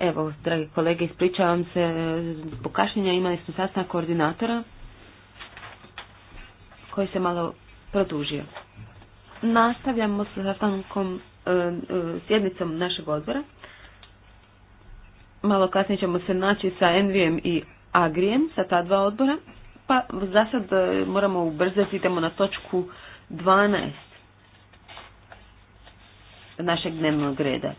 Evo, dragi kolege, ispričavam se e, zbog kašnjenja. Imali smo sastanak koordinatora koji se malo produžio. Nastavljamo sa sastankom e, e, sjednicom našeg odbora. Malo kasnije ćemo se naći sa Envijem i Agrijem, sa ta dva odbora. Pa za sad moramo ubrzati, idemo na točku 12 našeg dnevnog reda.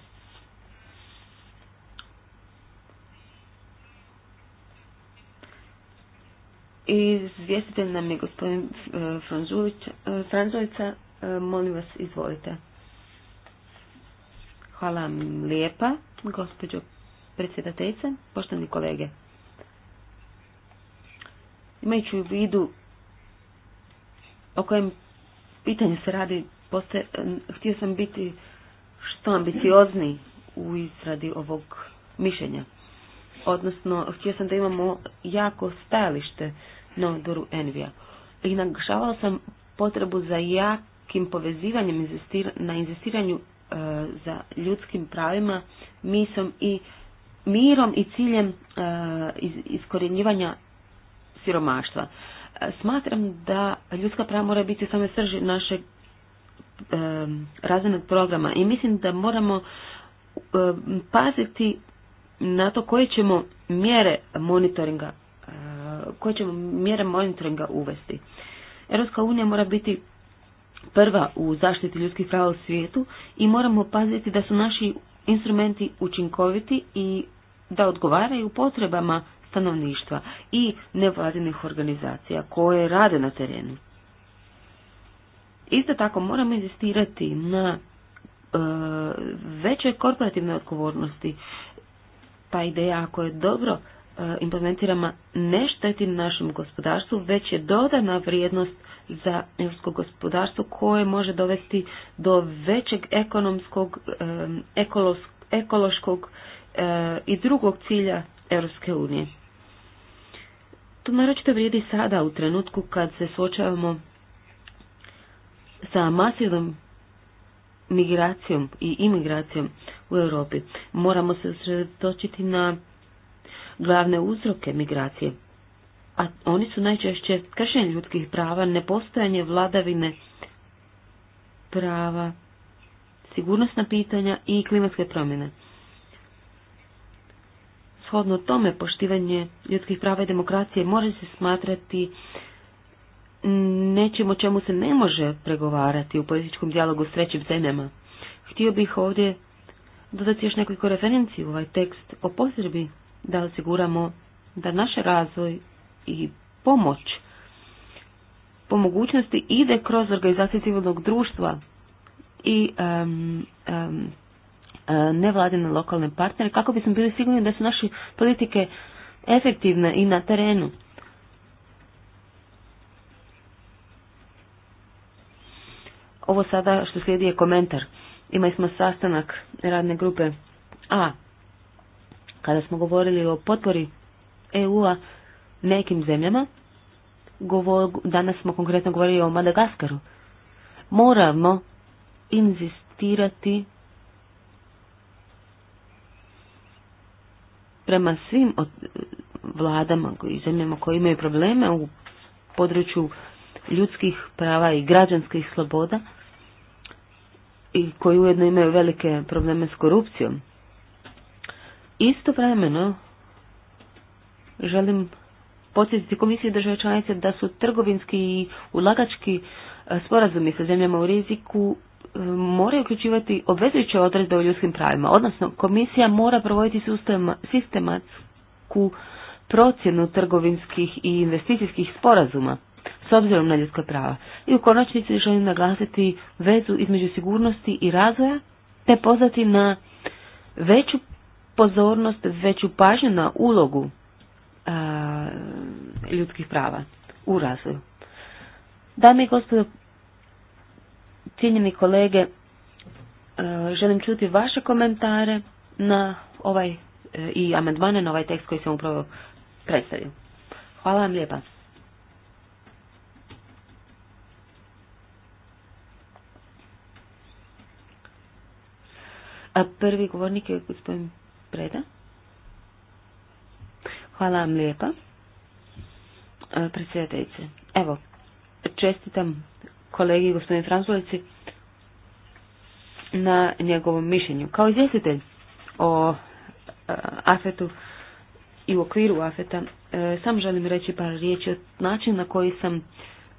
i Izvjestitelj nam je gospodin e, Franzovica. E, e, molim vas, izvolite. Hvala vam lijepa, gospođo predsjedateljice, poštovni kolege. Imajući u vidu o kojem pitanju se radi, htio sam biti što ambiciozni u izradi ovog mišljenja. Odnosno, htio sam da imamo jako stajalište na odboru Envija. I naglašavala sam potrebu za jakim povezivanjem na inzistiranju e, za ljudskim pravima, misom i mirom i ciljem e, iskorjenjivanja siromaštva. E, smatram da ljudska prava mora biti same srži našeg razvojnog programa i mislim da moramo paziti na to koje ćemo mjere monitoringa koje ćemo mjere monitoringa uvesti. Europska unija mora biti prva u zaštiti ljudskih prava u svijetu i moramo paziti da su naši instrumenti učinkoviti i da odgovaraju potrebama stanovništva i nevladinih organizacija koje rade na terenu. Isto tako moramo inzistirati na e, većoj korporativnoj odgovornosti. Ta ideja ako je dobro Eh, implementiramo ne šteti našem gospodarstvu, već je dodana vrijednost za europsko gospodarstvo koje može dovesti do većeg ekonomskog, eh, ekološkog eh, i drugog cilja Europske unije. To naročito vrijedi sada u trenutku kad se suočavamo sa masivnom migracijom i imigracijom u Europi. Moramo se sredočiti na glavne uzroke migracije, a oni su najčešće kršenje ljudskih prava, nepostojanje vladavine prava, sigurnosna pitanja i klimatske promjene. Shodno tome, poštivanje ljudskih prava i demokracije može se smatrati nečim o čemu se ne može pregovarati u političkom dijalogu s trećim zemljama. Htio bih ovdje dodati još nekoliko referenciju u ovaj tekst o potrebi da osiguramo da naš razvoj i pomoć po mogućnosti ide kroz organizaciju civilnog društva i um, um, nevladine lokalne partnere kako bismo bili sigurni da su naše politike efektivne i na terenu. Ovo sada što slijedi je komentar. Imali smo sastanak radne grupe A kada smo govorili o potpori EU-a nekim zemljama, danas smo konkretno govorili o Madagaskaru. Moramo inzistirati prema svim od vladama i zemljama koji imaju probleme u području ljudskih prava i građanskih sloboda i koji ujedno imaju velike probleme s korupcijom. Istovremeno želim podsjetiti komisije države članice da su trgovinski i ulagački e, sporazumi sa zemljama u riziku e, moraju uključivati obvezujuće odredbe o ljudskim pravima, odnosno komisija mora provoditi sustav sistematsku procjenu trgovinskih i investicijskih sporazuma s obzirom na ljudska prava. I u konačnici želim naglasiti vezu između sigurnosti i razvoja te pozvati na veću pozornost, veću pažnju na ulogu e, ljudskih prava u razvoju. Dame i gospodo, cijenjeni kolege, e, želim čuti vaše komentare na ovaj e, i amandmane na ovaj tekst koji sam upravo predstavio. Hvala vam lijepa. A prvi govornik je gospodin Hvala vam lijepa. E, predsjedateljice, evo, čestitam kolegi gospodine Franzulici na njegovom mišljenju. Kao izvjestitelj o e, afetu i u okviru afeta, e, sam želim reći par riječi o načinu na koji sam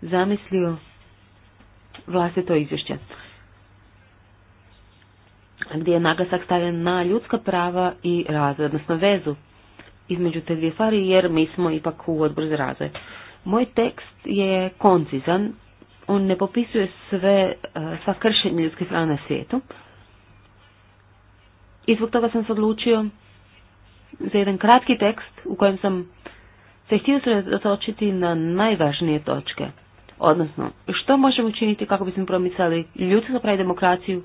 zamislio vlastito izvješće gdje je naglasak stavljen na ljudska prava i razvoj, odnosno vezu između te dvije stvari, jer mi smo ipak u odbor za razvoj. Moj tekst je koncizan, on ne popisuje sve, e, sva kršenja ljudskih prava na svijetu. I zbog toga sam se odlučio za jedan kratki tekst u kojem sam se htio sredotočiti na najvažnije točke. Odnosno, što možemo učiniti kako bismo promicali ljudska prava demokraciju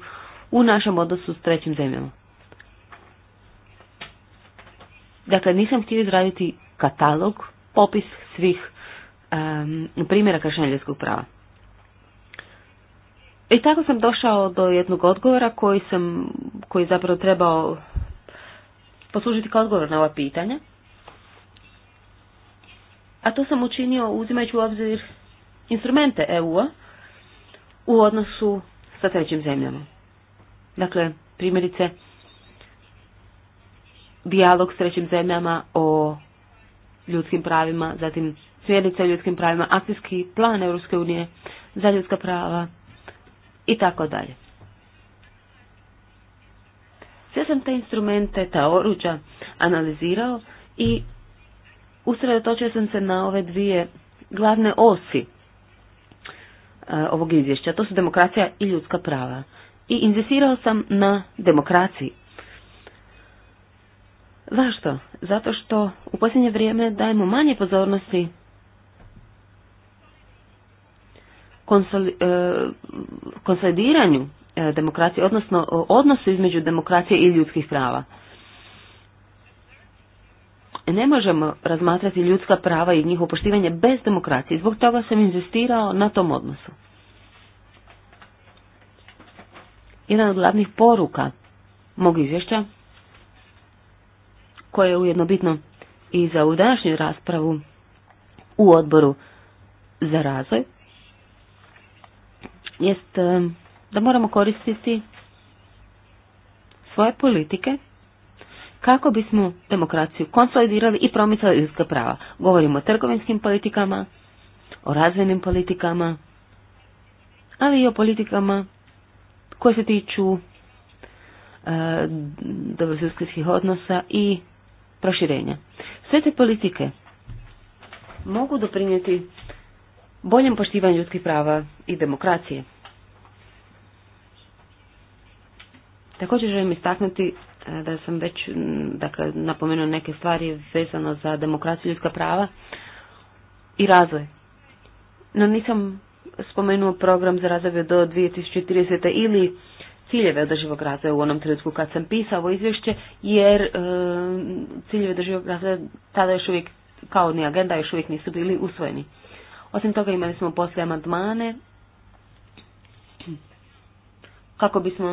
u našem odnosu s trećim zemljama. Dakle, nisam htio izraditi katalog, popis svih primjera kršenja prava. I tako sam došao do jednog odgovora koji sam, koji zapravo trebao poslužiti kao odgovor na ova pitanja. A to sam učinio uzimajući u obzir instrumente EU-a u odnosu sa trećim zemljama. Dakle, primjerice, dijalog s trećim zemljama o ljudskim pravima, zatim smjernice o ljudskim pravima, akcijski plan Europske unije za ljudska prava i tako dalje. Sve sam te instrumente, ta oruđa analizirao i usredotočio sam se na ove dvije glavne osi e, ovog izvješća. To su demokracija i ljudska prava i inzistirao sam na demokraciji. Zašto? Zato što u posljednje vrijeme dajemo manje pozornosti e, konsolidiranju e, demokracije, odnosno e, odnosu između demokracije i ljudskih prava. Ne možemo razmatrati ljudska prava i njihovo poštivanje bez demokracije. Zbog toga sam inzistirao na tom odnosu. jedan od glavnih poruka mog izvješća, koje je ujedno bitno i za u današnju raspravu u odboru za razvoj, jest eh, da moramo koristiti svoje politike kako bismo demokraciju konsolidirali i promicali ljudska prava. Govorimo o trgovinskim politikama, o razvojnim politikama, ali i o politikama koje se tiču e, dobrosusjedskih odnosa i proširenja. Sve te politike mogu doprinijeti boljem poštivanju ljudskih prava i demokracije. Također želim istaknuti e, da sam već dakle, napomenuo neke stvari vezano za demokraciju ljudska prava i razvoj. No nisam spomenuo program za razdoblje do 2030. ili ciljeve održivog razvoja u onom trenutku kad sam pisao ovo izvješće, jer e, ciljevi ciljeve održivog razvoja tada još uvijek, kao ni agenda, još uvijek nisu bili usvojeni. Osim toga imali smo poslije amandmane kako bismo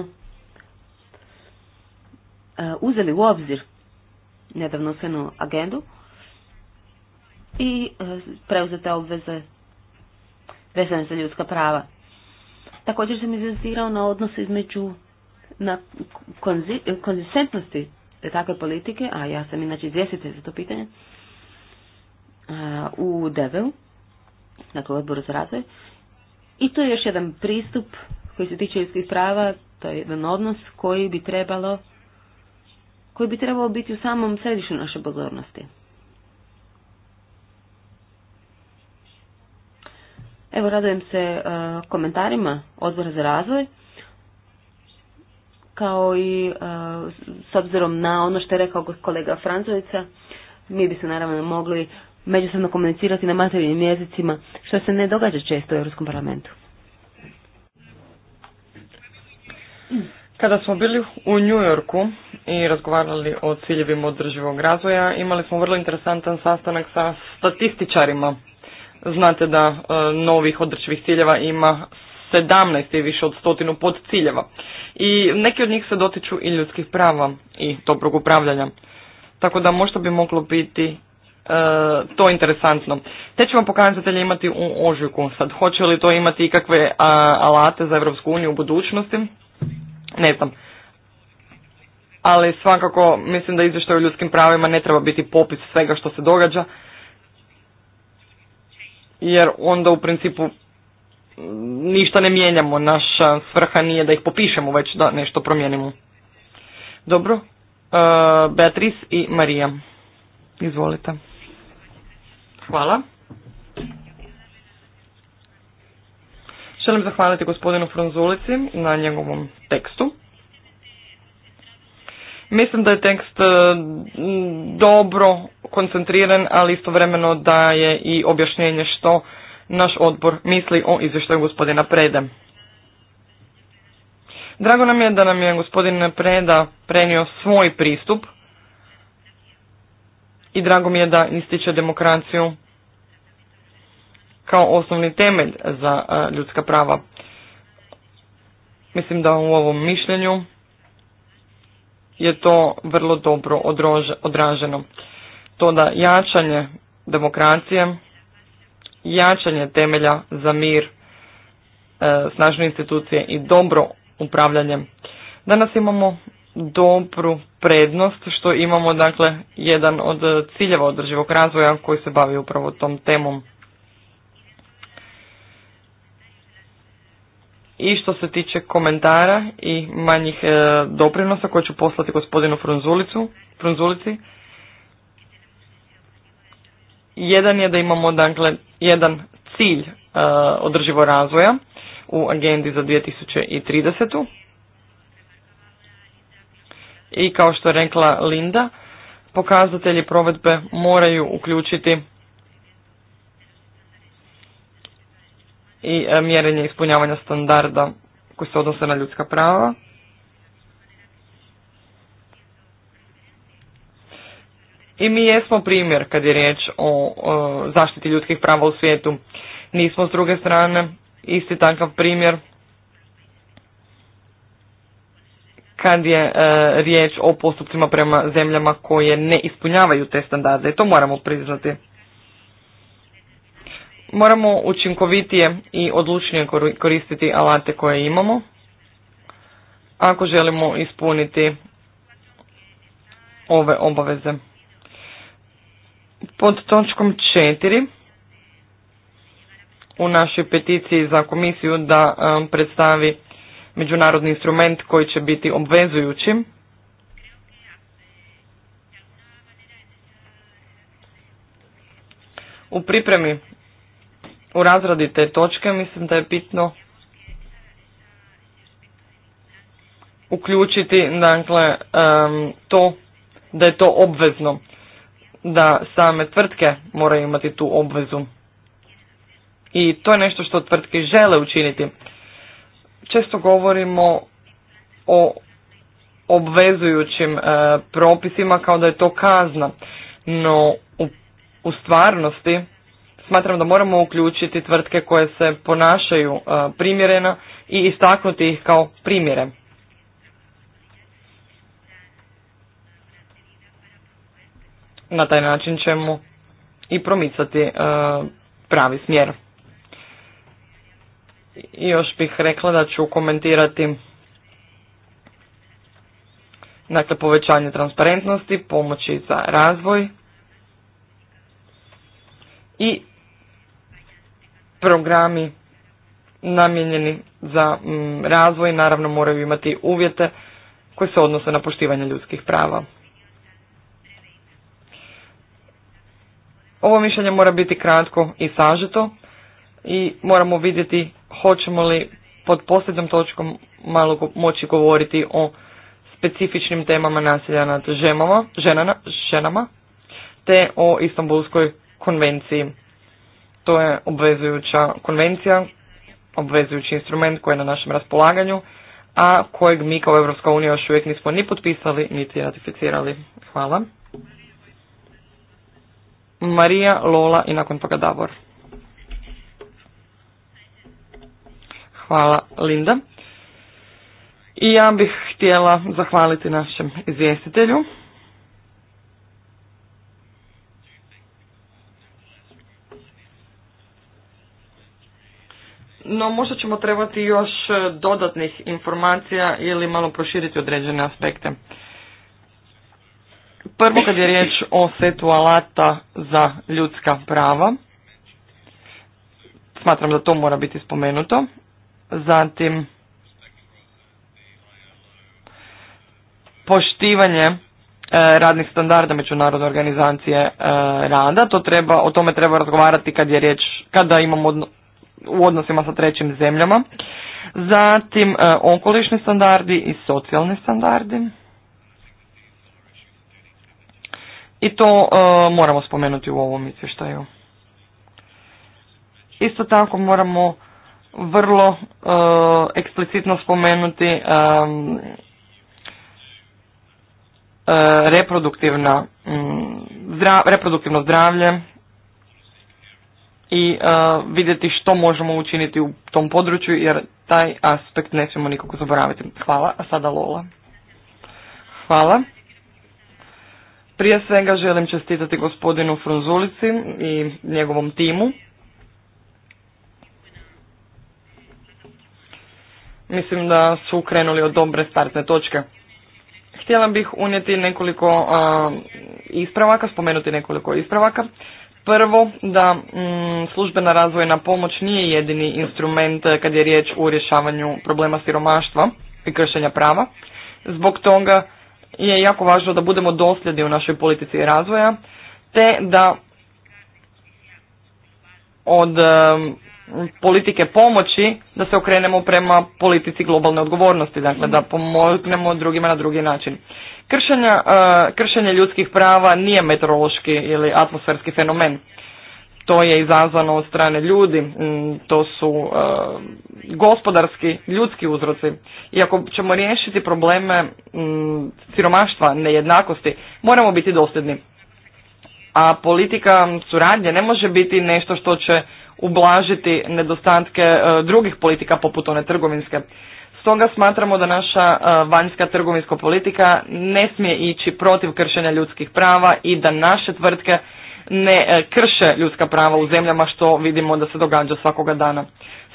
e, uzeli u obzir nedavno usvojenu agendu i e, preuzete obveze vezane za ljudska prava. Također sam izazirao na odnos između na konzi, konzistentnosti takve politike, a ja sam inače izvjestitelj za to pitanje, u DVU, na dakle, u odboru za razvoj. I to je još jedan pristup koji se tiče ljudskih prava, to je jedan odnos koji bi trebalo koji bi trebao biti u samom središtu naše pozornosti. Evo, radujem se e, komentarima odbora za razvoj, kao i e, s obzirom na ono što je rekao kolega Franzovica, mi bi se naravno mogli međusobno komunicirati na materijalnim jezicima, što se ne događa često u Europskom parlamentu. Kada smo bili u New Yorku i razgovarali o ciljevima održivog razvoja, imali smo vrlo interesantan sastanak sa statističarima Znate da e, novih održivih ciljeva ima 17 i više od stotinu ciljeva. I neki od njih se dotiču i ljudskih prava i dobrog upravljanja. Tako da možda bi moglo biti e, to interesantno. Te ćemo pokazatelje imati u ožujku. Sad, hoće li to imati ikakve alate za Europsku uniju u budućnosti? Ne znam. Ali svakako mislim da izvještaj o ljudskim pravima ne treba biti popis svega što se događa, jer onda u principu ništa ne mijenjamo. Naša svrha nije da ih popišemo, već da nešto promijenimo. Dobro. uh, Beatrice i Marija. Izvolite. Hvala. Želim zahvaliti gospodinu Franzulici na njegovom tekstu. Mislim da je tekst e, dobro koncentriran, ali istovremeno da je i objašnjenje što naš odbor misli o izvještaju gospodina Preda. Drago nam je da nam je gospodin Preda prenio svoj pristup i drago mi je da ističe demokraciju kao osnovni temelj za e, ljudska prava. Mislim da u ovom mišljenju je to vrlo dobro odraženo. To da jačanje demokracije, jačanje temelja za mir, e, snažne institucije i dobro upravljanje. Danas imamo dobru prednost što imamo dakle jedan od ciljeva održivog razvoja koji se bavi upravo tom temom. i što se tiče komentara i manjih e, doprinosa koje ću poslati gospodinu Frunzulicu, Frunzulici. Jedan je da imamo dakle jedan cilj e, održivo razvoja u agendi za 2030. I kao što je rekla Linda, pokazatelji provedbe moraju uključiti i e, mjerenje ispunjavanja standarda koji se odnose na ljudska prava. I mi jesmo primjer kad je riječ o, zaštiti ljudskih prava u svijetu. Nismo s druge strane isti takav primjer kad je e, riječ o postupcima prema zemljama koje ne ispunjavaju te standarde. I to moramo priznati. Moramo učinkovitije i odlučnije koristiti alate koje imamo ako želimo ispuniti ove obaveze. Pod točkom 4 u našoj peticiji za komisiju da um, predstavi međunarodni instrument koji će biti obvezujući. U pripremi u razradi te točke mislim da je bitno uključiti dakle to da je to obvezno da same tvrtke moraju imati tu obvezu i to je nešto što tvrtke žele učiniti često govorimo o obvezujućim e, propisima kao da je to kazna no u stvarnosti smatram da moramo uključiti tvrtke koje se ponašaju e, primjereno i istaknuti ih kao primjere. Na taj način ćemo i promicati e, pravi smjer. I još bih rekla da ću komentirati dakle povećanje transparentnosti, pomoći za razvoj i programi namijenjeni za mm, razvoj naravno moraju imati uvjete koji se odnose na poštivanje ljudskih prava. Ovo mišljenje mora biti kratko i sažeto i moramo vidjeti hoćemo li pod posljednjom točkom malo moći govoriti o specifičnim temama nasilja nad žemama, ženama te o Istanbulskoj konvenciji. To je obvezujuća konvencija, obvezujući instrument koji je na našem raspolaganju, a kojeg mi kao Europska unija još uvijek nismo ni potpisali, niti ratificirali. Hvala. Marija, Lola i nakon toga Davor. Hvala Linda. I ja bih htjela zahvaliti našem izvjestitelju. no možda ćemo trebati još e, dodatnih informacija ili malo proširiti određene aspekte. Prvo kad je riječ o setu alata za ljudska prava, smatram da to mora biti spomenuto. Zatim poštivanje e, radnih standarda međunarodne organizacije e, rada, to treba, o tome treba razgovarati kad je riječ, kada imamo u odnosima sa trećim zemljama, zatim e, okolišni standardi i socijalni standardi. I to e, moramo spomenuti u ovom izvještaju. Isto tako moramo vrlo e, eksplicitno spomenuti reproduktivna, reproduktivno zdravlje, i uh, vidjeti što možemo učiniti u tom području jer taj aspekt ne smijemo nikako zaboraviti. Hvala, a sada Lola. Hvala. Prije svega želim čestitati gospodinu Frunzulici i njegovom timu. Mislim da su krenuli od dobre startne točke. Htjela bih unijeti nekoliko ispravaka, spomenuti nekoliko ispravaka. Prvo, da mm, službena razvojna pomoć nije jedini instrument eh, kad je riječ u rješavanju problema siromaštva i kršenja prava. Zbog toga je jako važno da budemo dosljedni u našoj politici razvoja, te da od eh, politike pomoći da se okrenemo prema politici globalne odgovornosti, dakle da pomognemo drugima na drugi način. Kršenja, e, kršenje ljudskih prava nije meteorološki ili atmosferski fenomen. To je izazvano od strane ljudi, to su e, gospodarski, ljudski uzroci. I ako ćemo riješiti probleme siromaštva, nejednakosti, moramo biti dosljedni. A politika suradnje ne može biti nešto što će ublažiti nedostatke e, drugih politika poput one trgovinske. Stoga smatramo da naša e, vanjska trgovinska politika ne smije ići protiv kršenja ljudskih prava i da naše tvrtke ne e, krše ljudska prava u zemljama što vidimo da se događa svakoga dana.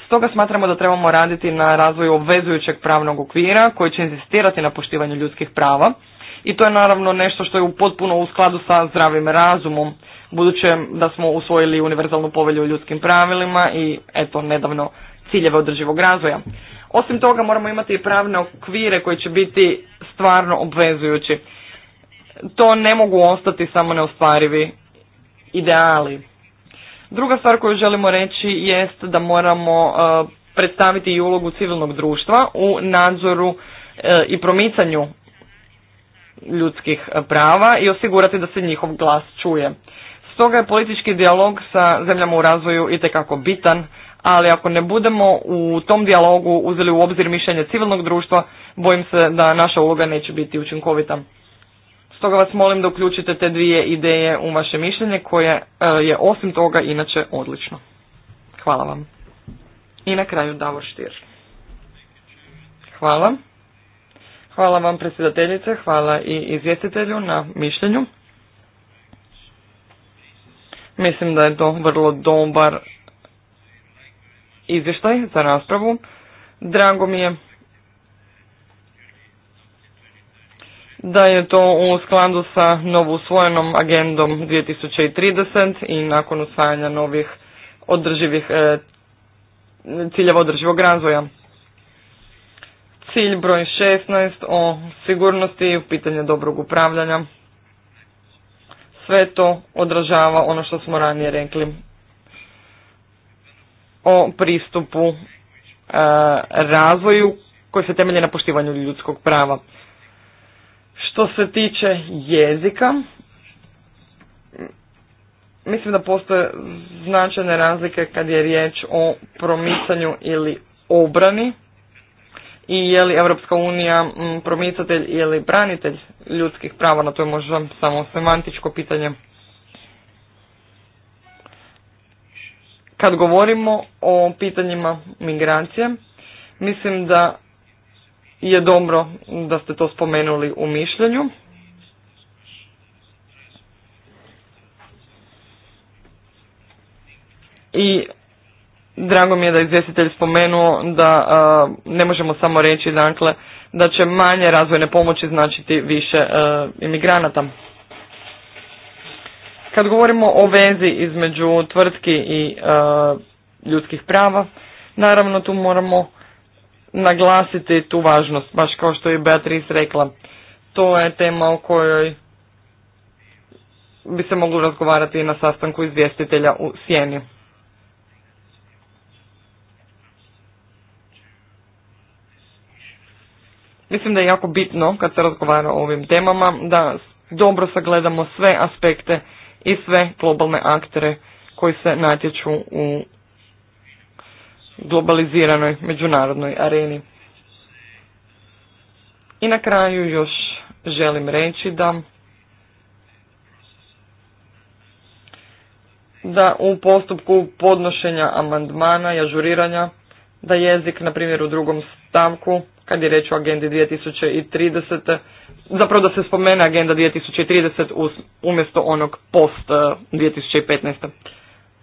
Stoga smatramo da trebamo raditi na razvoju obvezujućeg pravnog okvira koji će inzistirati na poštivanju ljudskih prava i to je naravno nešto što je potpuno u skladu sa zdravim razumom Budući da smo usvojili univerzalnu povelju o ljudskim pravilima i eto nedavno ciljeve održivog razvoja. Osim toga moramo imati i pravne okvire koji će biti stvarno obvezujući. To ne mogu ostati samo neostvarivi ideali. Druga stvar koju želimo reći jest da moramo e, predstaviti i ulogu civilnog društva u nadzoru e, i promicanju ljudskih e, prava i osigurati da se njihov glas čuje. Stoga je politički dijalog sa zemljama u razvoju itekako bitan, ali ako ne budemo u tom dijalogu uzeli u obzir mišljenje civilnog društva, bojim se da naša uloga neće biti učinkovita. Stoga vas molim da uključite te dvije ideje u vaše mišljenje koje e, je osim toga inače odlično. Hvala vam. I na kraju Davor Štir. Hvala. Hvala vam predsjedateljice, hvala i izvjestitelju na mišljenju. Mislim da je to vrlo dobar izvještaj za raspravu. Drago mi je da je to u skladu sa usvojenom agendom 2030 i nakon usvajanja novih održivih e, ciljeva održivog razvoja. Cilj broj 16 o sigurnosti i pitanje dobrog upravljanja sve to odražava ono što smo ranije rekli o pristupu e, razvoju koji se temelji na poštivanju ljudskog prava. Što se tiče jezika, mislim da postoje značajne razlike kad je riječ o promicanju ili obrani i je li Europska unija mm, promicatelj ili branitelj ljudskih prava, na to je možda samo semantičko pitanje. Kad govorimo o pitanjima migracije, mislim da je dobro da ste to spomenuli u mišljenju. I Drago mi je da je izvjestitelj spomenuo da ne možemo samo reći dakle da će manje razvojne pomoći značiti više imigranata. Kad govorimo o vezi između tvrtki i ljudskih prava, naravno tu moramo naglasiti tu važnost, baš kao što je Beatrice rekla. To je tema o kojoj bi se moglo razgovarati i na sastanku izvjestitelja u sjeniju. Mislim da je jako bitno kad se razgovara o ovim temama da dobro sagledamo sve aspekte i sve globalne aktere koji se natječu u globaliziranoj međunarodnoj areni. I na kraju još želim reći da da u postupku podnošenja amandmana i ažuriranja da jezik, na primjer u drugom stavku, kad je reč o agendi 2030, zapravo da se spomene agenda 2030 umjesto onog post 2015. E,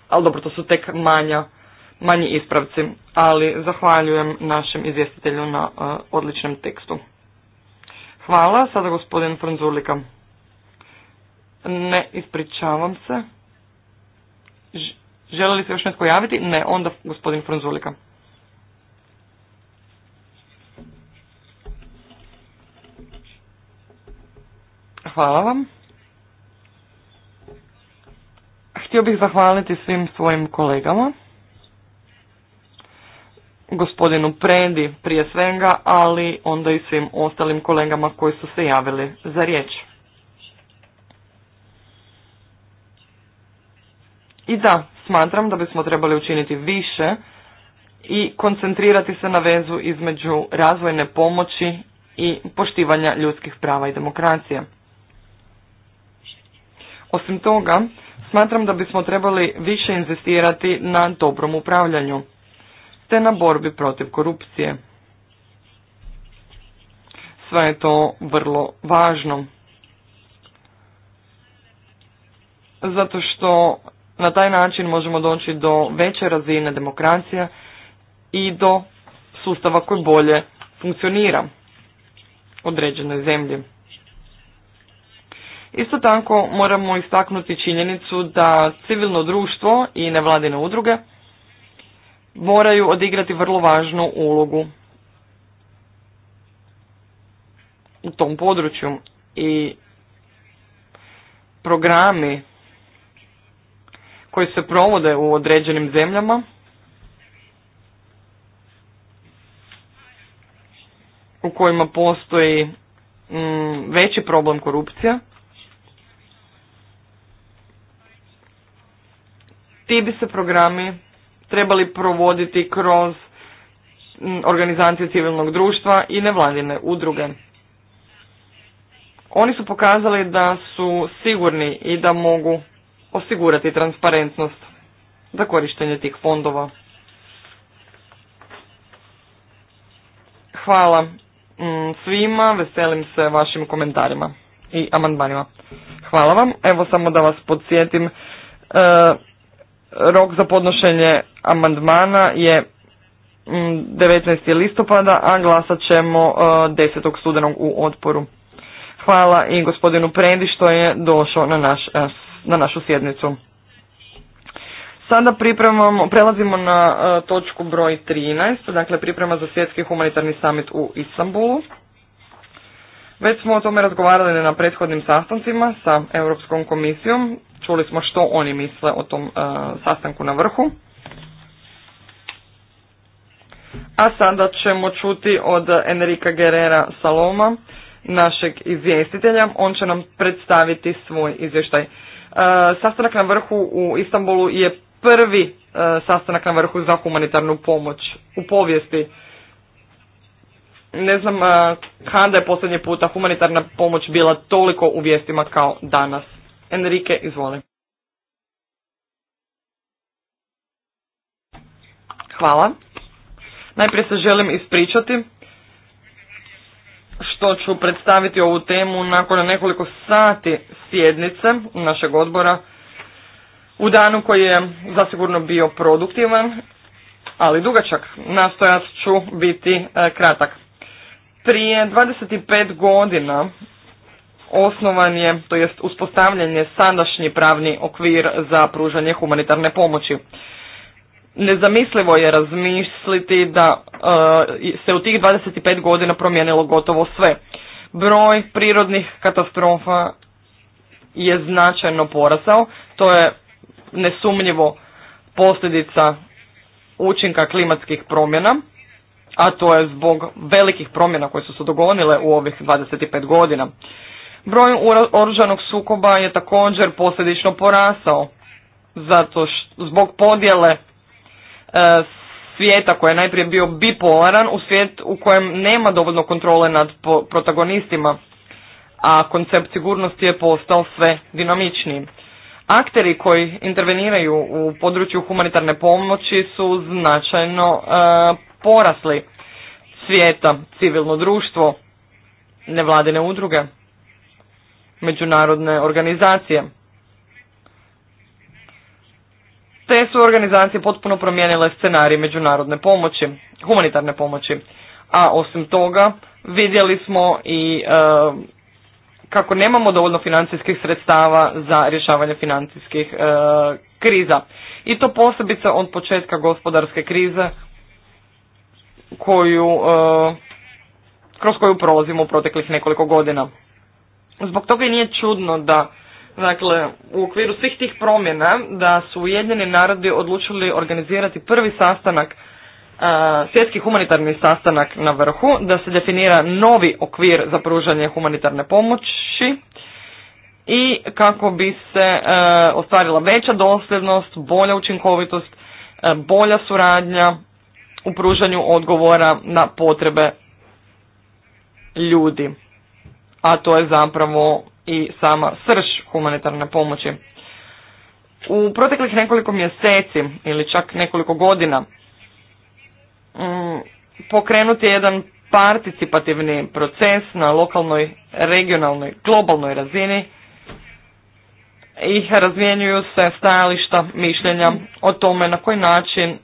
ali dobro, to su tek manja, manji ispravci, ali zahvaljujem našem izvjestitelju na uh, odličnom tekstu. Hvala, sada gospodin Franzulika. Ne, ispričavam se. Želi li se još netko javiti? Ne, onda gospodin Franzulika. Hvala vam. Htio bih zahvaliti svim svojim kolegama, gospodinu Prendi prije svega, ali onda i svim ostalim kolegama koji su se javili za riječ. I da, smatram da bismo trebali učiniti više i koncentrirati se na vezu između razvojne pomoći i poštivanja ljudskih prava i demokracije. Osim toga, smatram da bismo trebali više inzistirati na dobrom upravljanju, te na borbi protiv korupcije. Sve je to vrlo važno. Zato što na taj način možemo doći do veće razine demokracija i do sustava koji bolje funkcionira određenoj zemlji. Isto tako moramo istaknuti činjenicu da civilno društvo i nevladine udruge moraju odigrati vrlo važnu ulogu u tom području i programi koji se provode u određenim zemljama u kojima postoji mm, veći problem korupcija Ti bi se programi trebali provoditi kroz organizacije civilnog društva i nevladine udruge. Oni su pokazali da su sigurni i da mogu osigurati transparentnost za korištenje tih fondova. Hvala svima, veselim se vašim komentarima i amandmanima. Hvala vam. Evo samo da vas podsjetim, e, Rok za podnošenje amandmana je 19. Mm, listopada, a glasat ćemo 10. E, studenog u odporu. Hvala i gospodinu Prendi što je došao na, naš, e, na našu sjednicu. Sada prelazimo na e, točku broj 13, dakle priprema za svjetski humanitarni summit u Istanbulu. Već smo o tome razgovarali na prethodnim sastancima sa Europskom komisijom. Čuli smo što oni misle o tom e, sastanku na vrhu. A sada ćemo čuti od Enrika Guerrera Saloma, našeg izvjestitelja. On će nam predstaviti svoj izvještaj. E, sastanak na vrhu u Istanbulu je prvi e, sastanak na vrhu za humanitarnu pomoć u povijesti ne znam kada je posljednji puta humanitarna pomoć bila toliko u vijestima kao danas. Enrique, izvoli. Hvala. Najprije se želim ispričati što ću predstaviti ovu temu nakon nekoliko sati sjednice našeg odbora u danu koji je zasigurno bio produktivan, ali dugačak. Nastojat ću biti e, kratak. Prije 25 godina osnovan je, to jest uspostavljen je sadašnji pravni okvir za pružanje humanitarne pomoći. Nezamislivo je razmisliti da e, se u tih 25 godina promijenilo gotovo sve. Broj prirodnih katastrofa je značajno porasao, to je nesumnjivo posljedica učinka klimatskih promjena a to je zbog velikih promjena koje su se dogonile u ovih 25 godina. Broj oružanog sukoba je također posljedično porasao zato što zbog podjele e, svijeta koji je najprije bio bipolaran u svijet u kojem nema dovoljno kontrole nad protagonistima, a koncept sigurnosti je postao sve dinamičniji. Akteri koji interveniraju u području humanitarne pomoći su značajno e, porasli svijeta, civilno društvo, nevladine udruge, međunarodne organizacije. Te su organizacije potpuno promijenile scenarij međunarodne pomoći, humanitarne pomoći. A osim toga vidjeli smo i e, kako nemamo dovoljno financijskih sredstava za rješavanje financijskih e, kriza. I to posebice od početka gospodarske krize koju, e, kroz koju prolazimo u proteklih nekoliko godina. Zbog toga i nije čudno da Dakle, u okviru svih tih promjena da su Ujedinjeni narodi odlučili organizirati prvi sastanak, e, svjetski humanitarni sastanak na vrhu, da se definira novi okvir za pružanje humanitarne pomoći i kako bi se e, ostvarila veća dosljednost, bolja učinkovitost, bolja suradnja u pružanju odgovora na potrebe ljudi. A to je zapravo i sama srž humanitarne pomoći. U proteklih nekoliko mjeseci ili čak nekoliko godina mm, pokrenut je jedan participativni proces na lokalnoj, regionalnoj, globalnoj razini i razmjenjuju se stajališta, mišljenja o tome na koji način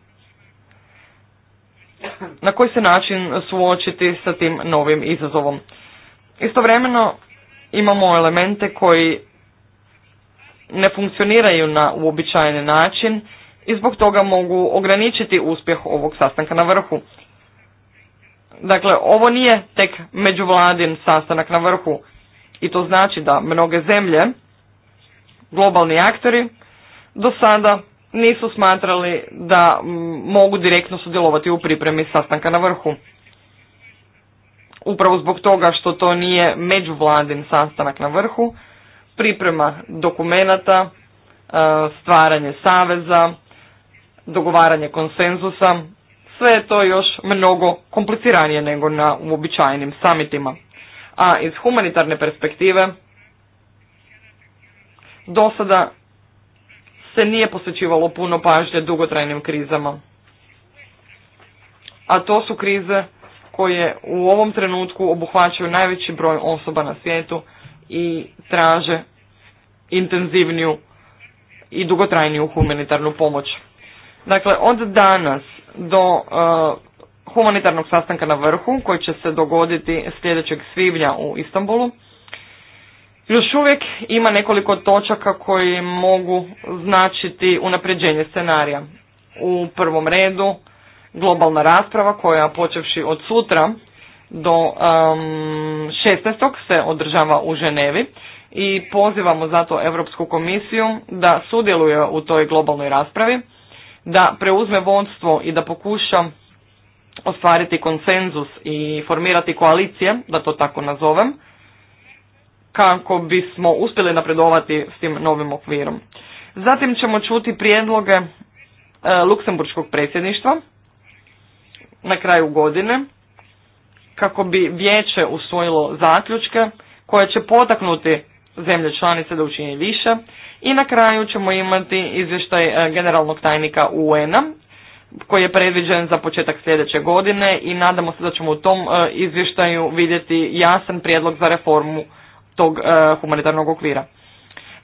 na koji se način suočiti sa tim novim izazovom. Istovremeno imamo elemente koji ne funkcioniraju na uobičajeni način i zbog toga mogu ograničiti uspjeh ovog sastanka na vrhu. Dakle, ovo nije tek međuvladin sastanak na vrhu i to znači da mnoge zemlje, globalni aktori, do sada nisu smatrali da mogu direktno sudjelovati u pripremi sastanka na vrhu. Upravo zbog toga što to nije međuvladin sastanak na vrhu, priprema dokumenata, e, stvaranje saveza, dogovaranje konsenzusa, sve je to još mnogo kompliciranije nego na uobičajenim samitima. A iz humanitarne perspektive do sada se nije posvećivalo puno pažnje dugotrajnim krizama. A to su krize koje u ovom trenutku obuhvaćaju najveći broj osoba na svijetu i traže intenzivniju i dugotrajniju humanitarnu pomoć. Dakle, od danas do e, humanitarnog sastanka na vrhu koji će se dogoditi sljedećeg svibnja u Istanbulu, još uvijek ima nekoliko točaka koji mogu značiti unapređenje scenarija. U prvom redu globalna rasprava koja počevši od sutra do um, 16. se održava u Ženevi i pozivamo zato Europsku komisiju da sudjeluje u toj globalnoj raspravi, da preuzme vodstvo i da pokuša ostvariti konsenzus i formirati koalicije, da to tako nazovem, kako bismo uspjeli napredovati s tim novim okvirom. Zatim ćemo čuti prijedloge e, predsjedništva na kraju godine kako bi vijeće usvojilo zaključke koje će potaknuti zemlje članice da učini više i na kraju ćemo imati izvještaj e, generalnog tajnika UN-a koji je predviđen za početak sljedeće godine i nadamo se da ćemo u tom e, izvještaju vidjeti jasan prijedlog za reformu tog e, humanitarnog okvira.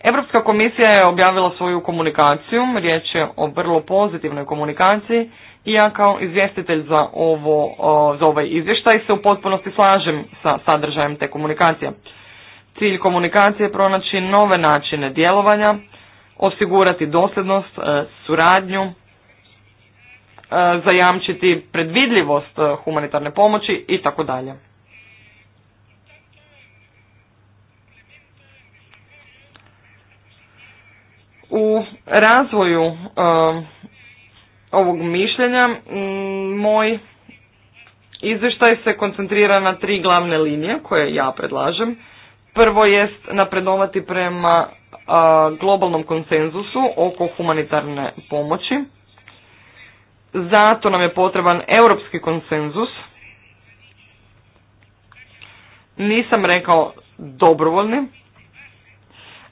Europska komisija je objavila svoju komunikaciju, riječ je o vrlo pozitivnoj komunikaciji i ja kao izvjestitelj za, ovo, e, za ovaj izvještaj se u potpunosti slažem sa sadržajem te komunikacije. Cilj komunikacije je pronaći nove načine djelovanja, osigurati dosljednost, e, suradnju, zajamčiti predvidljivost humanitarne pomoći i tako dalje. U razvoju um, ovog mišljenja mm, moj izvještaj se koncentrira na tri glavne linije koje ja predlažem. Prvo jest napredovati prema globalnom konsenzusu oko humanitarne pomoći. Zato nam je potreban europski konsenzus. Nisam rekao dobrovoljni,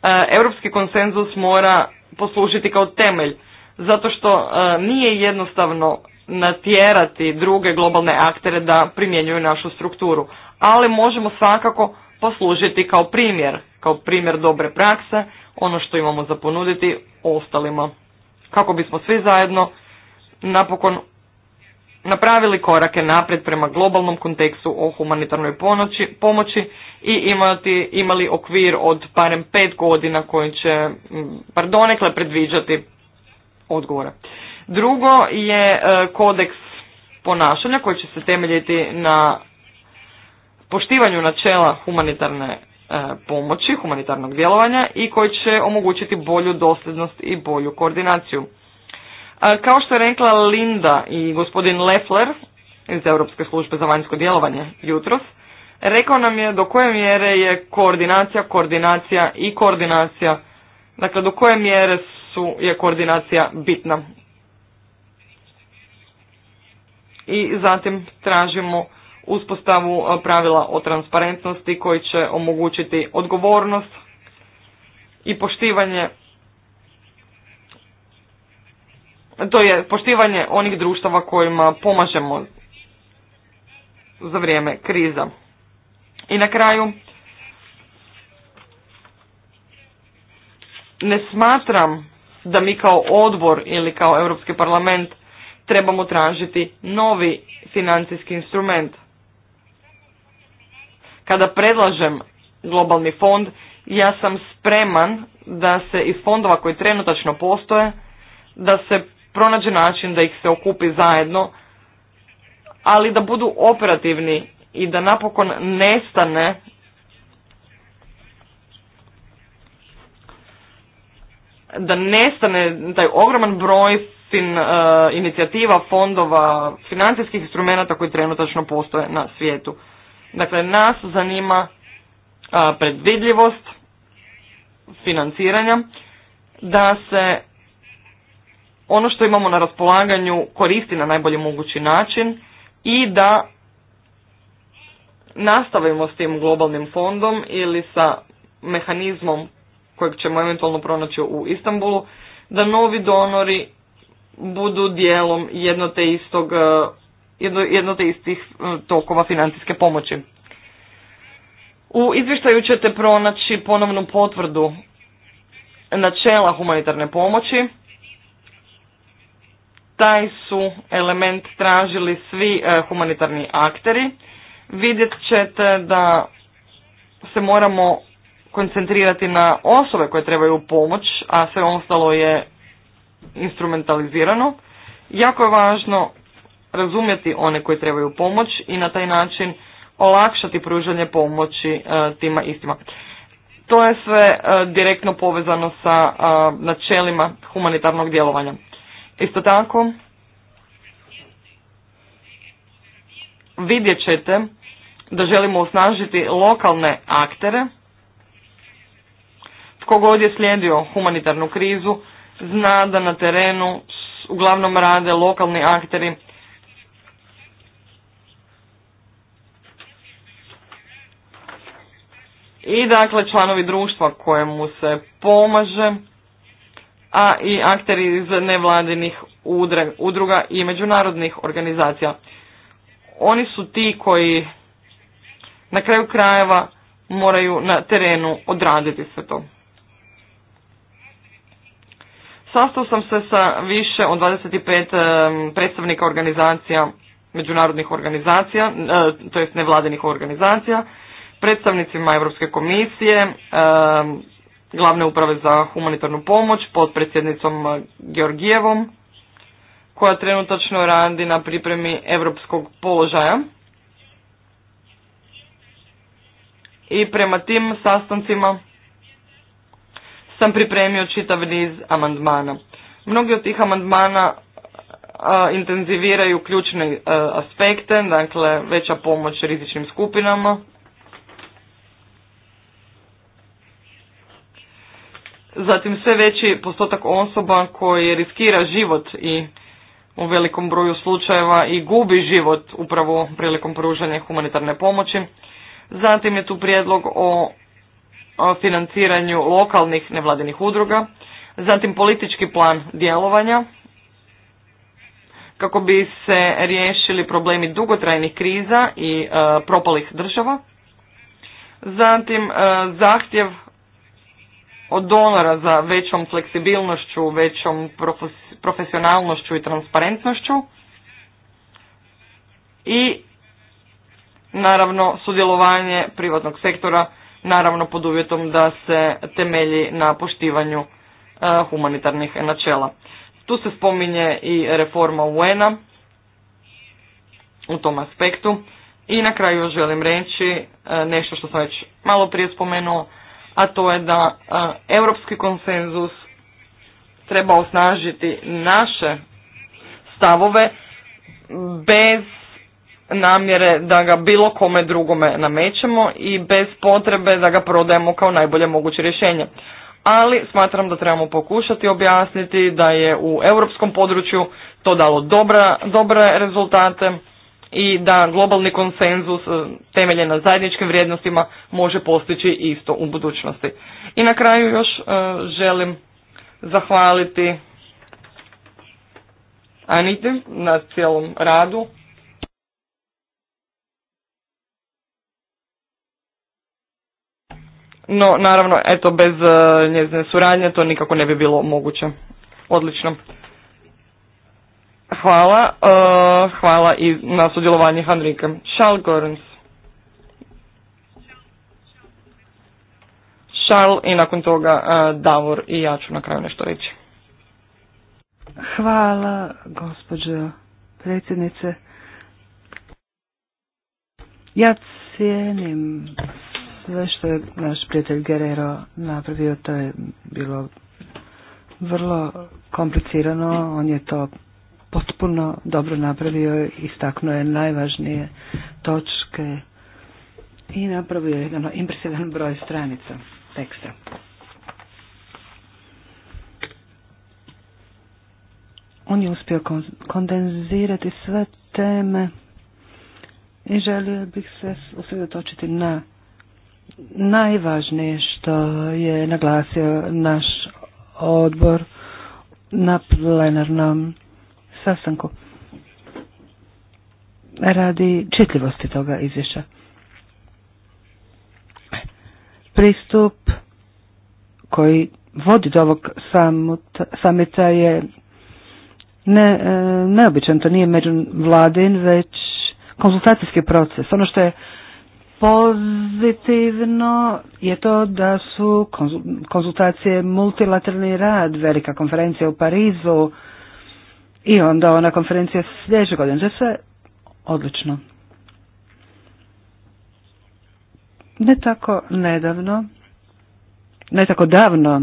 E, europski konsenzus mora poslužiti kao temelj zato što e, nije jednostavno natjerati druge globalne aktere da primjenjuju našu strukturu, ali možemo svakako poslužiti kao primjer, kao primjer dobre prakse, ono što imamo za ponuditi ostalima, kako bismo svi zajedno napokon napravili korake naprijed prema globalnom kontekstu o humanitarnoj pomoći, pomoći i imati, imali okvir od barem pet godina koji će pardonekle, donekle predviđati odgovore. Drugo je e, kodeks ponašanja koji će se temeljiti na poštivanju načela humanitarne e, pomoći, humanitarnog djelovanja i koji će omogućiti bolju dosljednost i bolju koordinaciju. E, kao što je rekla Linda i gospodin Leffler iz Europske službe za vanjsko djelovanje jutros, rekao nam je do koje mjere je koordinacija, koordinacija i koordinacija, dakle do koje mjere su, je koordinacija bitna. I zatim tražimo uspostavu e, pravila o transparentnosti koji će omogućiti odgovornost i poštivanje to je poštivanje onih društava kojima pomažemo za vrijeme kriza. I na kraju, ne smatram da mi kao odbor ili kao Europski parlament trebamo tražiti novi financijski instrument. Kada predlažem globalni fond, ja sam spreman da se iz fondova koji trenutačno postoje, da se pronađe način da ih se okupi zajedno, ali da budu operativni i da napokon nestane da nestane taj ogroman broj uh, inicijativa, fondova, financijskih instrumenata koji trenutačno postoje na svijetu. Dakle, nas zanima uh, predvidljivost financiranja, da se ono što imamo na raspolaganju koristi na najbolji mogući način i da nastavimo s tim globalnim fondom ili sa mehanizmom kojeg ćemo eventualno pronaći u Istanbulu, da novi donori budu dijelom jedno te istog, e, jedno, jedno te istih e, tokova financijske pomoći. U izvještaju ćete pronaći ponovnu potvrdu načela humanitarne pomoći, taj su element tražili svi e, humanitarni akteri. Vidjet ćete da se moramo koncentrirati na osobe koje trebaju pomoć, a sve ostalo je instrumentalizirano. Jako je važno razumjeti one koji trebaju pomoć i na taj način olakšati pružanje pomoći e, tima istima. To je sve e, direktno povezano sa načelima humanitarnog djelovanja. Isto tako, vidjet ćete da želimo osnažiti lokalne aktere. Tko god je slijedio humanitarnu krizu, zna da na terenu uglavnom rade lokalni akteri i dakle članovi društva kojemu se pomaže a i akteri iz nevladinih udruga i međunarodnih organizacija. Oni su ti koji na kraju krajeva moraju na terenu odraditi sve to. Sastao sam se sa više od 25 predstavnika organizacija, međunarodnih organizacija, e, to jest nevladinih organizacija, predstavnicima Europske komisije, glavne uprave za humanitarnu pomoć pod predsjednicom Georgijevom koja trenutačno radi na pripremi europskog položaja. I prema tim sastancima sam pripremio čitav niz amandmana. Mnogi od tih amandmana intenziviraju ključne aspekte, dakle veća pomoć rizičnim skupinama, zatim sve veći postotak osoba koji riskira život i u velikom broju slučajeva i gubi život upravo prilikom pružanja humanitarne pomoći. Zatim je tu prijedlog o financiranju lokalnih nevladinih udruga, zatim politički plan djelovanja kako bi se riješili problemi dugotrajnih kriza i e, propalih država. Zatim e, zahtjev od donora za većom fleksibilnošću, većom profesionalnošću i transparentnošću i naravno sudjelovanje privatnog sektora, naravno pod uvjetom da se temelji na poštivanju e, humanitarnih načela. Tu se spominje i reforma UN-a u tom aspektu. I na kraju želim reći e, nešto što sam već malo prije spomenuo, a to je da europski konsenzus treba osnažiti naše stavove bez namjere da ga bilo kome drugome namećemo i bez potrebe da ga prodajemo kao najbolje moguće rješenje. Ali smatram da trebamo pokušati objasniti da je u europskom području to dalo dobra, dobre rezultate i da globalni konsenzus e, temeljen na zajedničkim vrijednostima može postići isto u budućnosti. I na kraju još e, želim zahvaliti Aniti na cijelom radu. No, naravno, eto, bez e, njezine suradnje to nikako ne bi bilo moguće. Odlično. Hvala. E, hvala i na sudjelovanje Henrika. Charles Gorens. Šal i nakon toga e, Davor i ja ću na kraju nešto reći. Hvala gospođo predsjednice. Ja cijenim sve što je naš prijatelj Guerrero napravio, to je bilo vrlo komplicirano, on je to potpuno dobro napravio, istaknuo je najvažnije točke i napravio je jedan impresivan broj stranica teksta. On je uspio kondenzirati sve teme i želio bih se usredotočiti na najvažnije što je naglasio naš odbor na plenarnom sastanku radi čitljivosti toga izvješća. Pristup koji vodi do ovog samita je ne, e, neobičan, to nije međuvladin, već konsultacijski proces. Ono što je pozitivno je to da su konzultacije multilateralni rad, velika konferencija u Parizu, i onda ona konferencija sljedeće godine za znači, sve odlično. Ne tako nedavno, ne tako davno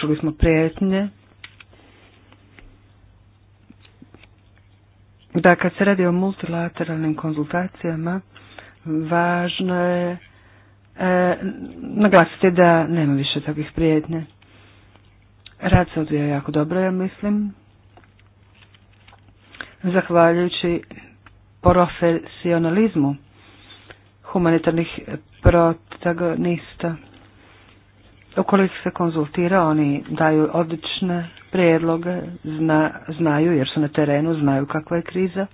čuli smo prijetnje da kad se radi o multilateralnim konzultacijama važno je e, naglasiti da nema više takvih prijetnje. Rad se odvija jako dobro, ja mislim zahvaljujući profesionalizmu humanitarnih protagonista. Ukoliko se konzultira, oni daju odlične prijedloge, znaju jer su na terenu, znaju kakva je kriza.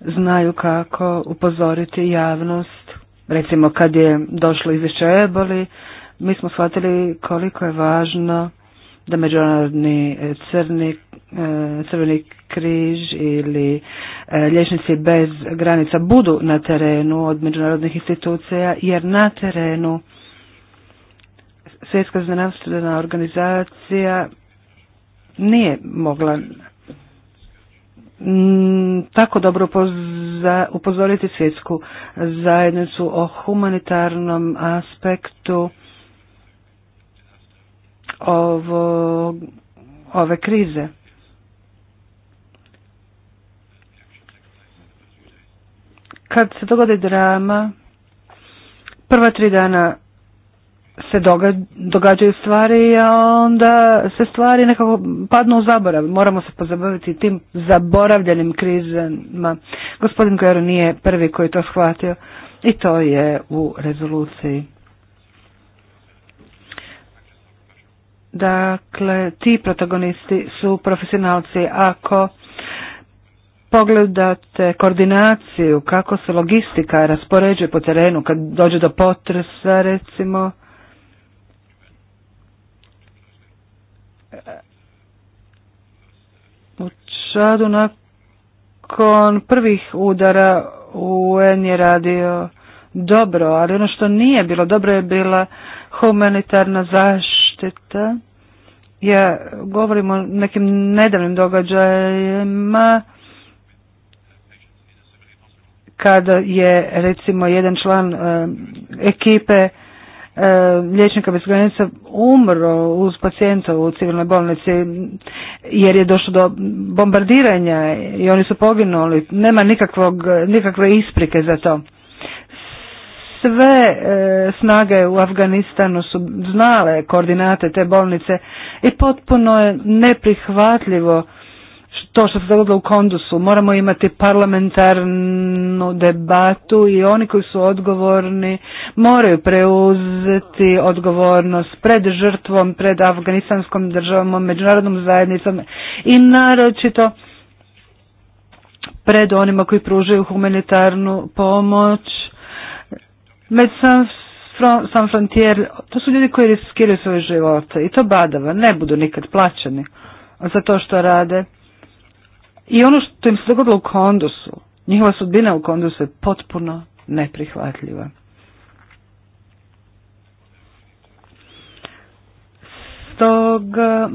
Znaju kako upozoriti javnost. Recimo kad je došlo izvješće Eboli, mi smo shvatili koliko je važno da međunarodni e, crni, e, crveni križ ili e, lječnici bez granica budu na terenu od međunarodnih institucija jer na terenu svjetska znanstvena organizacija nije mogla tako dobro upozoriti svjetsku zajednicu o humanitarnom aspektu ovo, ove krize. Kad se dogodi drama, prva tri dana se događaju stvari, a onda se stvari nekako padnu u zaborav. Moramo se pozabaviti tim zaboravljenim krizama. Gospodin Gero nije prvi koji to shvatio i to je u rezoluciji. Dakle, ti protagonisti su profesionalci. Ako pogledate koordinaciju, kako se logistika raspoređuje po terenu kad dođe do potresa, recimo, u Čadu nakon prvih udara UN je radio dobro, ali ono što nije bilo dobro je bila humanitarna zaštita zaštita. Ja govorim o nekim nedavnim događajima kada je recimo jedan član e, ekipe e, liječnika bez granica umro uz pacijenta u civilnoj bolnici jer je došlo do bombardiranja i oni su poginuli. Nema nikakvog, nikakve isprike za to sve e, snage u Afganistanu su znale koordinate te bolnice i potpuno je neprihvatljivo to što se dogodilo u Kondusu. Moramo imati parlamentarnu debatu i oni koji su odgovorni moraju preuzeti odgovornost pred žrtvom, pred afganistanskom državom, međunarodnom zajednicom i naročito pred onima koji pružaju humanitarnu pomoć Medicans San Frontier, to su ljudi koji riskiraju svoje živote i to badava, ne budu nikad plaćeni za to što rade. I ono što im se dogodilo u Kondusu, njihova sudbina u Kondusu je potpuno neprihvatljiva. Stoga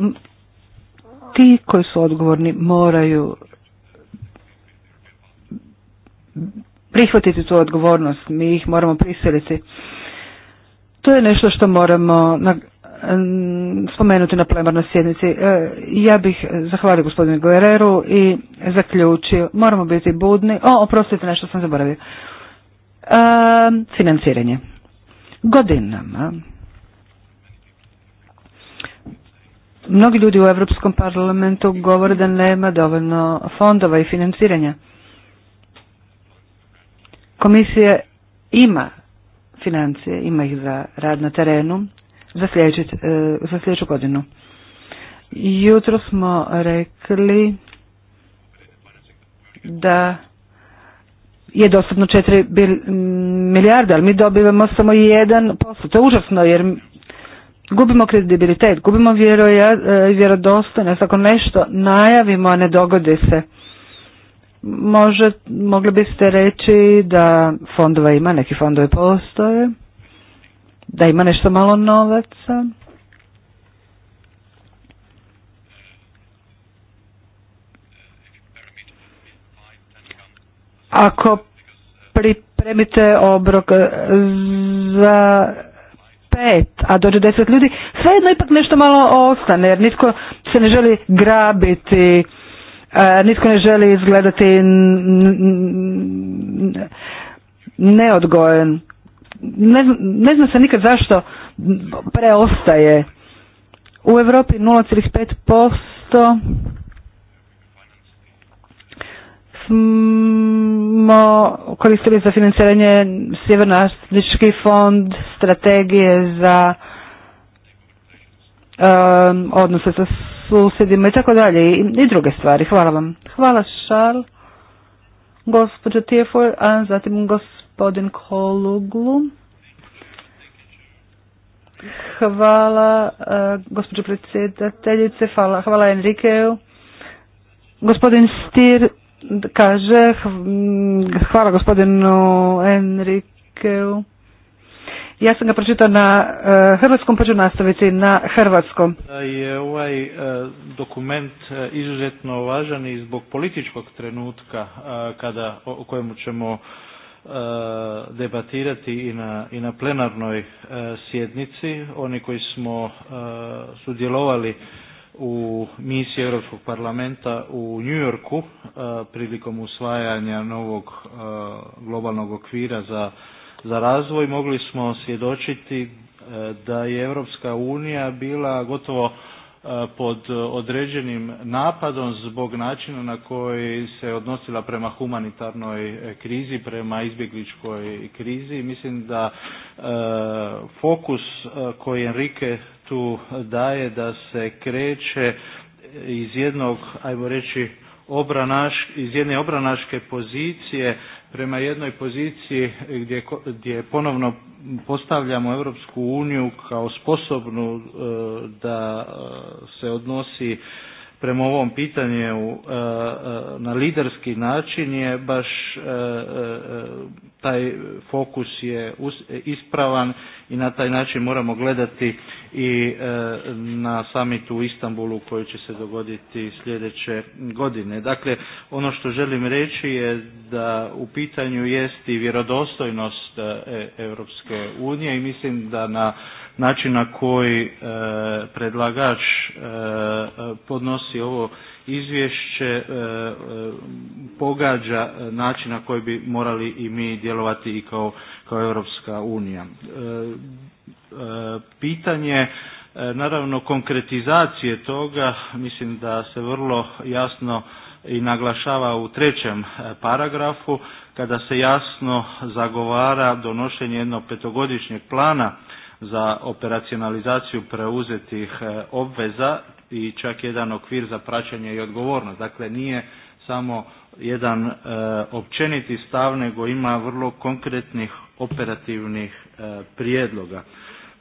ti koji su odgovorni moraju prihvatiti tu odgovornost, mi ih moramo prisiliti. To je nešto što moramo spomenuti na plenarnoj sjednici. E, ja bih zahvalio gospodinu Guerreru i zaključio. Moramo biti budni. O, oprostite, nešto sam zaboravio. E, financiranje. Godinama mnogi ljudi u Europskom parlamentu govore da nema dovoljno fondova i financiranja. Komisija ima financije, ima ih za rad na terenu za, sljedeću e, za sljedeću godinu. Jutro smo rekli da je dostupno 4 milijarde, ali mi dobivamo samo 1%. To je užasno jer gubimo kredibilitet, gubimo e, vjerodostojnost. Ako nešto najavimo, a ne dogodi se, može, mogli biste reći da fondova ima, neki fondovi postoje, da ima nešto malo novaca. Ako pripremite obrok za pet, a dođe deset ljudi, svejedno ipak nešto malo ostane, jer nitko se ne želi grabiti E, nitko ne želi izgledati neodgojen. Ne, ne zna se nikad zašto preostaje. U Europi 0,5% smo koristili za financiranje Sjevernoastrički fond, strategije za odnose sa susjedima i tako dalje i druge stvari. Hvala vam. Hvala Šarl, gospođo Tijefor, a zatim gospodin Koluglu. Hvala e, gospođo predsjedateljice, hvala, hvala Enrikeu. Gospodin Stir kaže hvala gospodinu Enrikeu. Ja sam ga pročitao na e, hrvatskom, pa ću nastaviti na hrvatskom. Je ovaj e, dokument e, izuzetno važan i zbog političkog trenutka kada, o kojemu ćemo debatirati i na, i na plenarnoj sjednici. Oni koji smo sudjelovali u misiji Europskog parlamenta u New Yorku prilikom usvajanja novog globalnog okvira za za razvoj mogli smo svjedočiti e, da je Europska unija bila gotovo e, pod određenim napadom zbog načina na koji se odnosila prema humanitarnoj e, krizi, prema izbjegličkoj krizi. Mislim da fokus koji Enrique tu daje da se kreće iz jednog, ajmo reći, obranaš, iz jedne obranaške pozicije prema jednoj poziciji gdje, gdje ponovno postavljamo Europsku uniju kao sposobnu e, da e, se odnosi prema ovom pitanju e, na liderski način je baš taj fokus je ispravan i na taj način moramo gledati i e, na samitu u Istanbulu koji će se dogoditi sljedeće godine. Dakle, ono što želim reći je da u pitanju jest i vjerodostojnost e, Europske unije i mislim da na način na koji e, predlagač podnosi ovo izvješće e, e, pogađa e, način na koji bi morali i mi djelovati i kao, kao Europska unija. Pitanje naravno konkretizacije toga mislim da se vrlo jasno i naglašava u trećem paragrafu kada se jasno zagovara donošenje jednog petogodišnjeg plana za operacionalizaciju preuzetih obveza i čak jedan okvir za praćenje i odgovornost. Dakle, nije samo jedan e, općeniti stav, nego ima vrlo konkretnih operativnih e, prijedloga.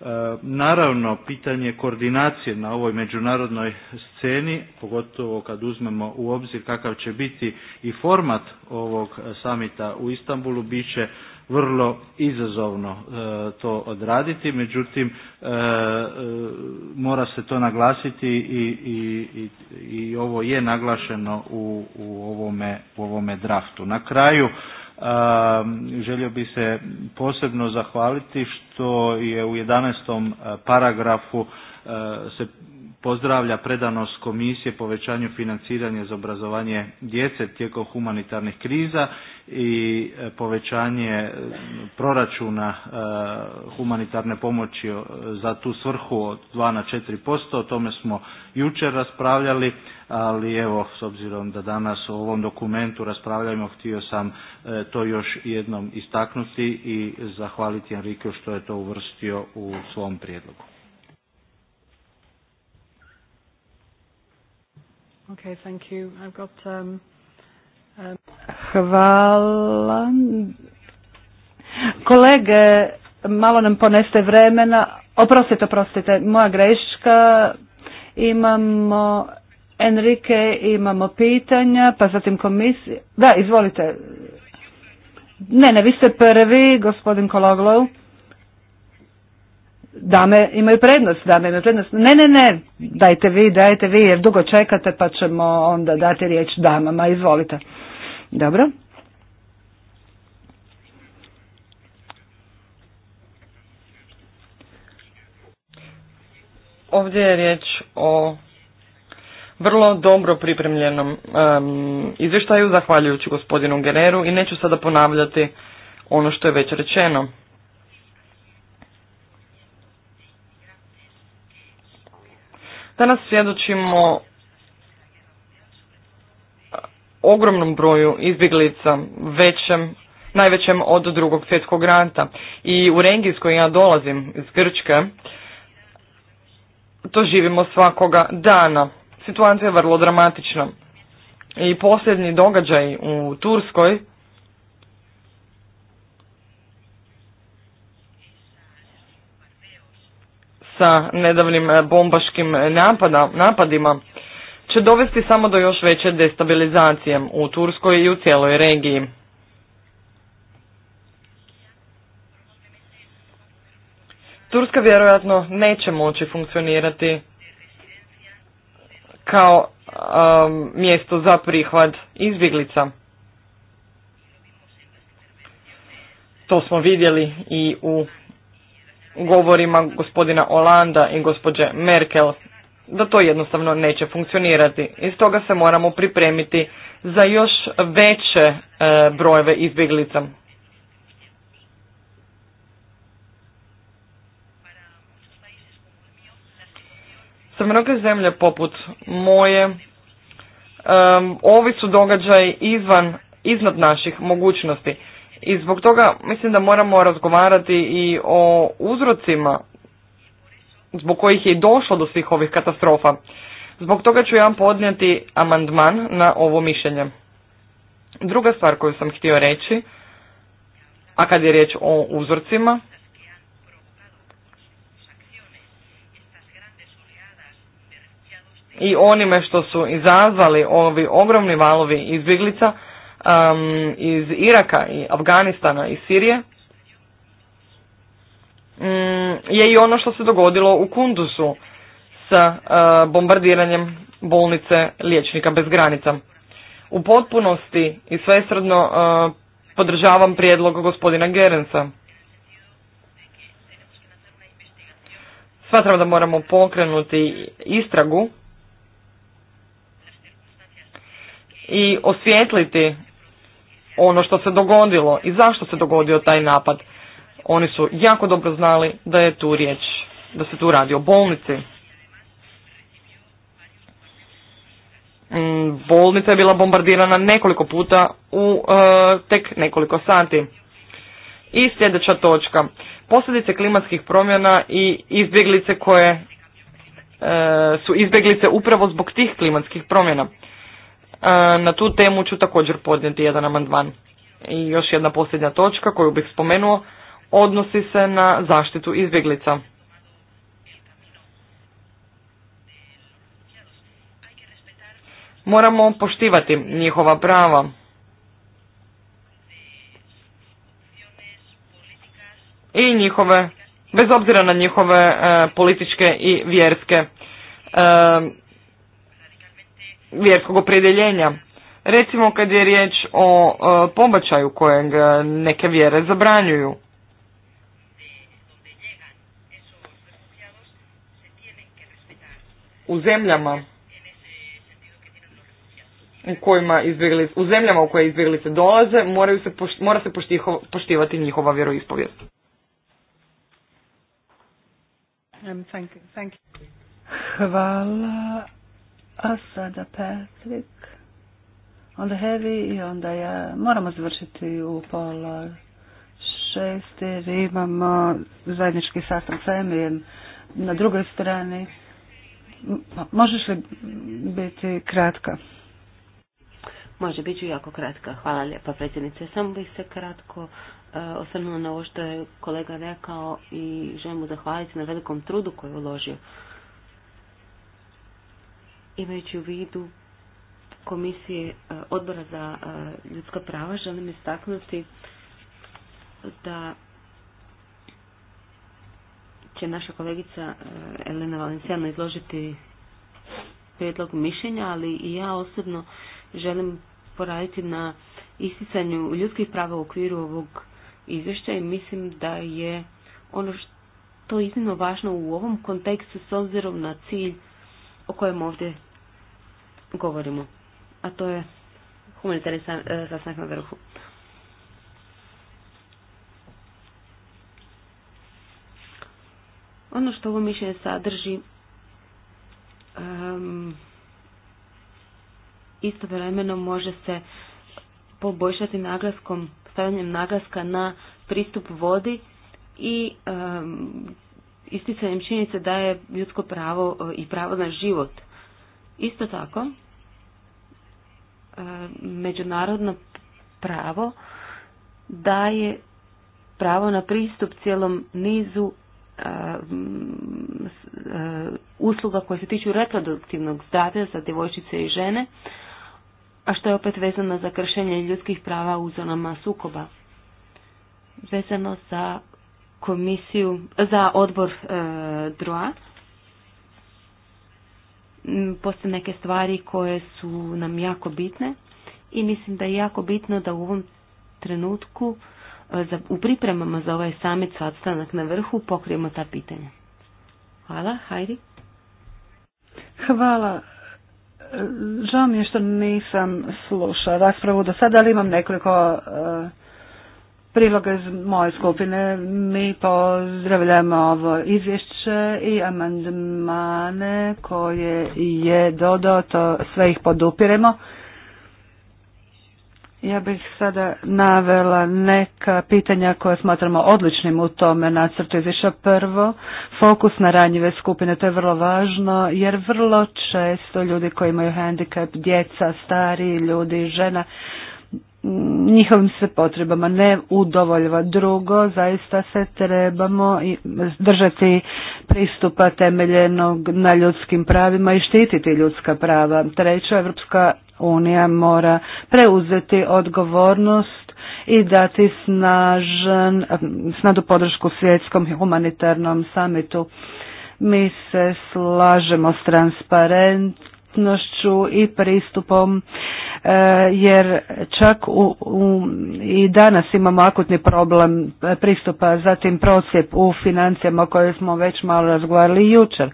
E, naravno, pitanje koordinacije na ovoj međunarodnoj sceni, pogotovo kad uzmemo u obzir kakav će biti i format ovog samita u Istanbulu, biće će vrlo izazovno e, to odraditi, međutim e, e, mora se to naglasiti i, i, i ovo je naglašeno u, u ovome, u draftu. Na kraju želio bi se posebno zahvaliti što je u 11. paragrafu se pozdravlja predanost komisije povećanju financiranja za obrazovanje djece tijekom humanitarnih kriza i e, povećanje e, proračuna e, humanitarne pomoći za tu svrhu od 2 na 4%, o tome smo jučer raspravljali, ali evo s obzirom da danas o ovom dokumentu raspravljamo, htio sam to još jednom istaknuti i zahvaliti Enrique što je to uvrstio u svom prijedlogu. Okay, thank you. I've got, um, um, Hvala. Kolege, malo nam poneste vremena. Oprostite, oprostite, moja greška. Imamo Enrique, imamo pitanja, pa zatim komisija. Da, izvolite. Ne, ne, vi ste prvi, gospodin Kologlov dame imaju prednost, dame imaju prednost. Ne, ne, ne, dajte vi, dajte vi, jer dugo čekate pa ćemo onda dati riječ damama, izvolite. Dobro. Ovdje je riječ o vrlo dobro pripremljenom um, izvještaju, zahvaljujući gospodinu generu i neću sada ponavljati ono što je već rečeno. Danas svjedočimo ogromnom broju izbjeglica, većem, najvećem od drugog svjetskog rata. I u regiji s ja dolazim, iz Grčke, to živimo svakoga dana. Situacija je vrlo dramatična. I posljednji događaj u Turskoj sa nedavnim e, bombaškim napada, napadima će dovesti samo do još veće destabilizacije u Turskoj i u cijeloj regiji. Turska vjerojatno neće moći funkcionirati kao mjesto za prihvat izbjeglica. To smo vidjeli i u govorima gospodina Olanda i gospođe Merkel da to jednostavno neće funkcionirati. Iz toga se moramo pripremiti za još veće e, brojeve izbjeglica. Sa mnoge zemlje poput moje, e, ovi su događaj izvan, iznad naših mogućnosti. I zbog toga mislim da moramo razgovarati i o uzrocima zbog kojih je došlo do svih ovih katastrofa. Zbog toga ću ja podnijeti amandman na ovo mišljenje. Druga stvar koju sam htio reći, a kad je riječ o uzorcima, i onime što su izazvali ovi ogromni valovi izbjeglica, um, iz Iraka i Afganistana i Sirije um, je i ono što se dogodilo u Kundusu sa uh, bombardiranjem bolnice liječnika bez granica. U potpunosti i svesredno uh, podržavam prijedlog gospodina Gerensa. Smatram da moramo pokrenuti istragu i osvijetliti ono što se dogodilo i zašto se dogodio taj napad. Oni su jako dobro znali da je tu riječ, da se tu radi o bolnici. Mm, bolnica je bila bombardirana nekoliko puta u e, tek nekoliko sati. I sljedeća točka. Posljedice klimatskih promjena i izbjeglice koje e, su izbjeglice upravo zbog tih klimatskih promjena. E, na tu temu ću također podnijeti jedan amandman. I još jedna posljednja točka koju bih spomenuo odnosi se na zaštitu izbjeglica. Moramo poštivati njihova prava. I njihove, bez obzira na njihove e, političke i vjerske e, vjerskog opredjeljenja. Recimo kad je riječ o e, pobačaju kojeg e, neke vjere zabranjuju. U zemljama u kojima izbjeglice, u zemljama u koje dolaze moraju se, mora se poštiho, poštivati njihova vjeroispovijest. Um, Hvala. A sada Patrick, onda Heavy i onda ja. Moramo završiti u pola šest jer imamo zajednički sastav sa Emijem na drugoj strani. Pa, možeš li biti kratka? Može, biti jako kratka. Hvala lijepa, predsjednice. Samo bih se kratko e, osvrnula na ovo što je kolega rekao i želim mu zahvaliti na velikom trudu koji je uložio Imajući u vidu komisije e, odbora za e, ljudska prava, želim istaknuti da će naša kolegica e, Elena Valencijana izložiti prijedlog mišljenja, ali i ja osobno želim poraditi na isticanju ljudskih prava u okviru ovog izvješća i mislim da je ono što je iznimno važno u ovom kontekstu s obzirom na cilj o kojem ovdje govorimo, a to je humanitarni e, sastanak na vrhu. Ono što ovo mišljenje sadrži um, istovremeno može se poboljšati naglaskom, stavljanjem naglaska na pristup vodi i um, isticanjem činjenice da je ljudsko pravo e, i pravo na život Isto tako, e, međunarodno pravo daje pravo na pristup cijelom nizu e, e, usluga koje se tiču reproduktivnog zdravlja za djevojčice i žene, a što je opet vezano za kršenje ljudskih prava u zonama sukoba. Vezano za komisiju, za odbor e, postoje neke stvari koje su nam jako bitne i mislim da je jako bitno da u ovom trenutku e, u pripremama za ovaj samit sastanak na vrhu pokrijemo ta pitanja. Hvala, Hajri. Hvala. Žao mi je što nisam slušao raspravu do sada, ali imam nekoliko e, iz moje skupine. Mi pozdravljamo ovo izvješće i amandmane koje je dodao, to sve ih podupiremo. Ja bih sada navela neka pitanja koja smatramo odličnim u tome nacrtu izvješća. Prvo, fokus na ranjive skupine, to je vrlo važno jer vrlo često ljudi koji imaju handicap, djeca, stari ljudi, žena, njihovim se potrebama ne udovoljava. Drugo, zaista se trebamo držati pristupa temeljenog na ljudskim pravima i štititi ljudska prava. Treće, Evropska unija mora preuzeti odgovornost i dati snažan, snadu podršku svjetskom humanitarnom samitu. Mi se slažemo s transparent i pristupom e, jer čak u, i danas imamo akutni problem e, pristupa, zatim prosjep u financijama o kojoj smo već malo razgovarali jučer.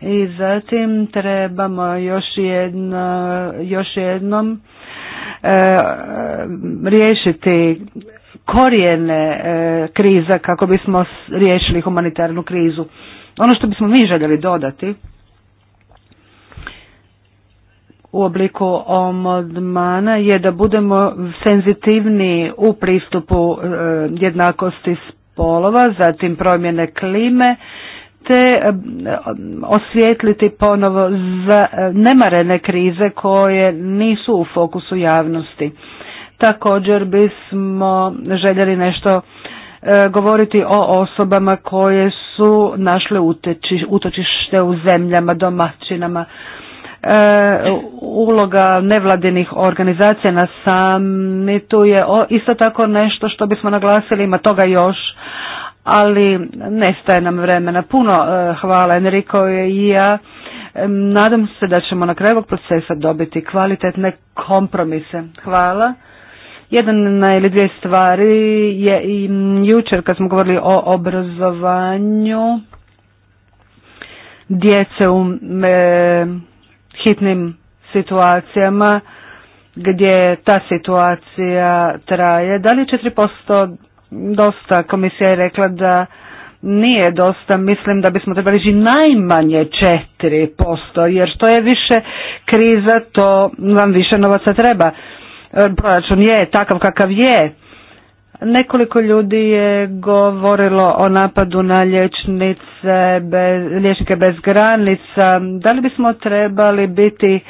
I zatim trebamo još, jedno, još jednom e, riješiti korijene e, kriza kako bismo riješili humanitarnu krizu. Ono što bismo mi željeli dodati u obliku omodmana je da budemo senzitivni u pristupu e, jednakosti spolova, zatim promjene klime, te e, osvijetliti ponovo za e, nemarene krize koje nisu u fokusu javnosti. Također bismo željeli nešto govoriti o osobama koje su našle utočište u zemljama, domaćinama. E, uloga nevladinih organizacija na samitu je isto tako nešto što bismo naglasili, ima toga još, ali nestaje nam vremena. Puno e, hvala Enrico i ja. E, nadam se da ćemo na kraju ovog procesa dobiti kvalitetne kompromise. Hvala. Jedna ili dvije stvari je i jučer kad smo govorili o obrazovanju djece u hitnim situacijama gdje ta situacija traje. Da li 4% dosta? Komisija je rekla da nije dosta, mislim da bismo trebali ići najmanje 4%, jer što je više kriza, to vam više novaca treba. E, proračun je takav kakav je, Nekoliko ljudi je govorilo o napadu na liječnice, bez, liječnike bez granica. Da li bismo trebali biti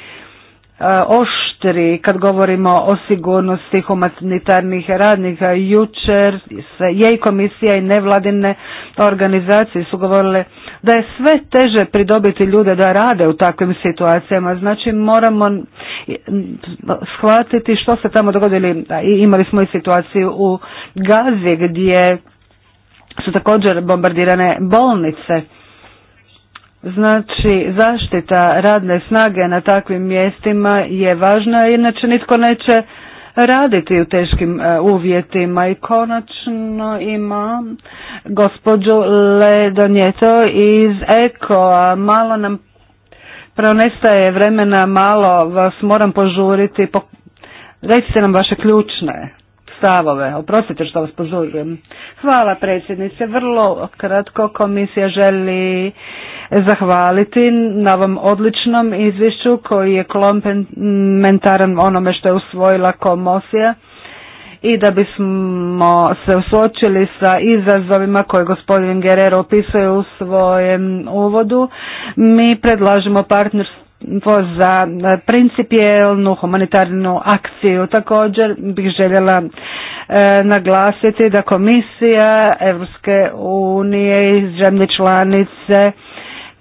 Eh, oštri kad govorimo o sigurnosti humanitarnih radnika. Eh, jučer je i komisija i nevladine organizacije su govorile da je sve teže pridobiti ljude da rade u takvim situacijama. Znači moramo mm, shvatiti što se tamo dogodili. Eh, imali smo i situaciju u Gazi gdje su također bombardirane bolnice Znači, zaštita radne snage na takvim mjestima je važna, inače nitko neće raditi u teškim e, uvjetima i konačno ima gospođu Ledonjeto iz Eko, malo nam pronestaje vremena, malo vas moram požuriti, recite nam vaše ključne stavove. Oprostite što vas pozorujem. Hvala predsjednice. Vrlo kratko komisija želi zahvaliti na ovom odličnom izvješću koji je komplementaran onome što je usvojila komosija i da bismo se suočili sa izazovima koje gospodin Gerero opisuje u svojem uvodu, mi predlažemo partnerstvo za e, principijelnu humanitarnu akciju. Također bih željela e, naglasiti da Komisija Evropske unije i zemlje članice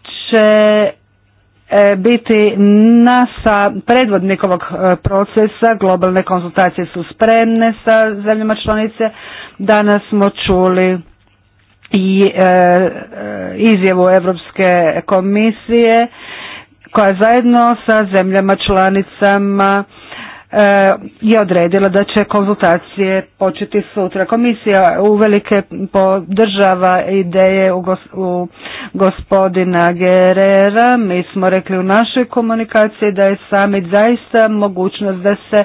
će e, biti NASA predvodnik ovog procesa, globalne konsultacije su spremne sa zemljama članice. Danas smo čuli i e, izjavu Europske komisije koja zajedno sa zemljama članicama e, je odredila da će konzultacije početi sutra. Komisija uvelike podržava ideje u, gospodina Gerera. Mi smo rekli u našoj komunikaciji da je samit zaista mogućnost da se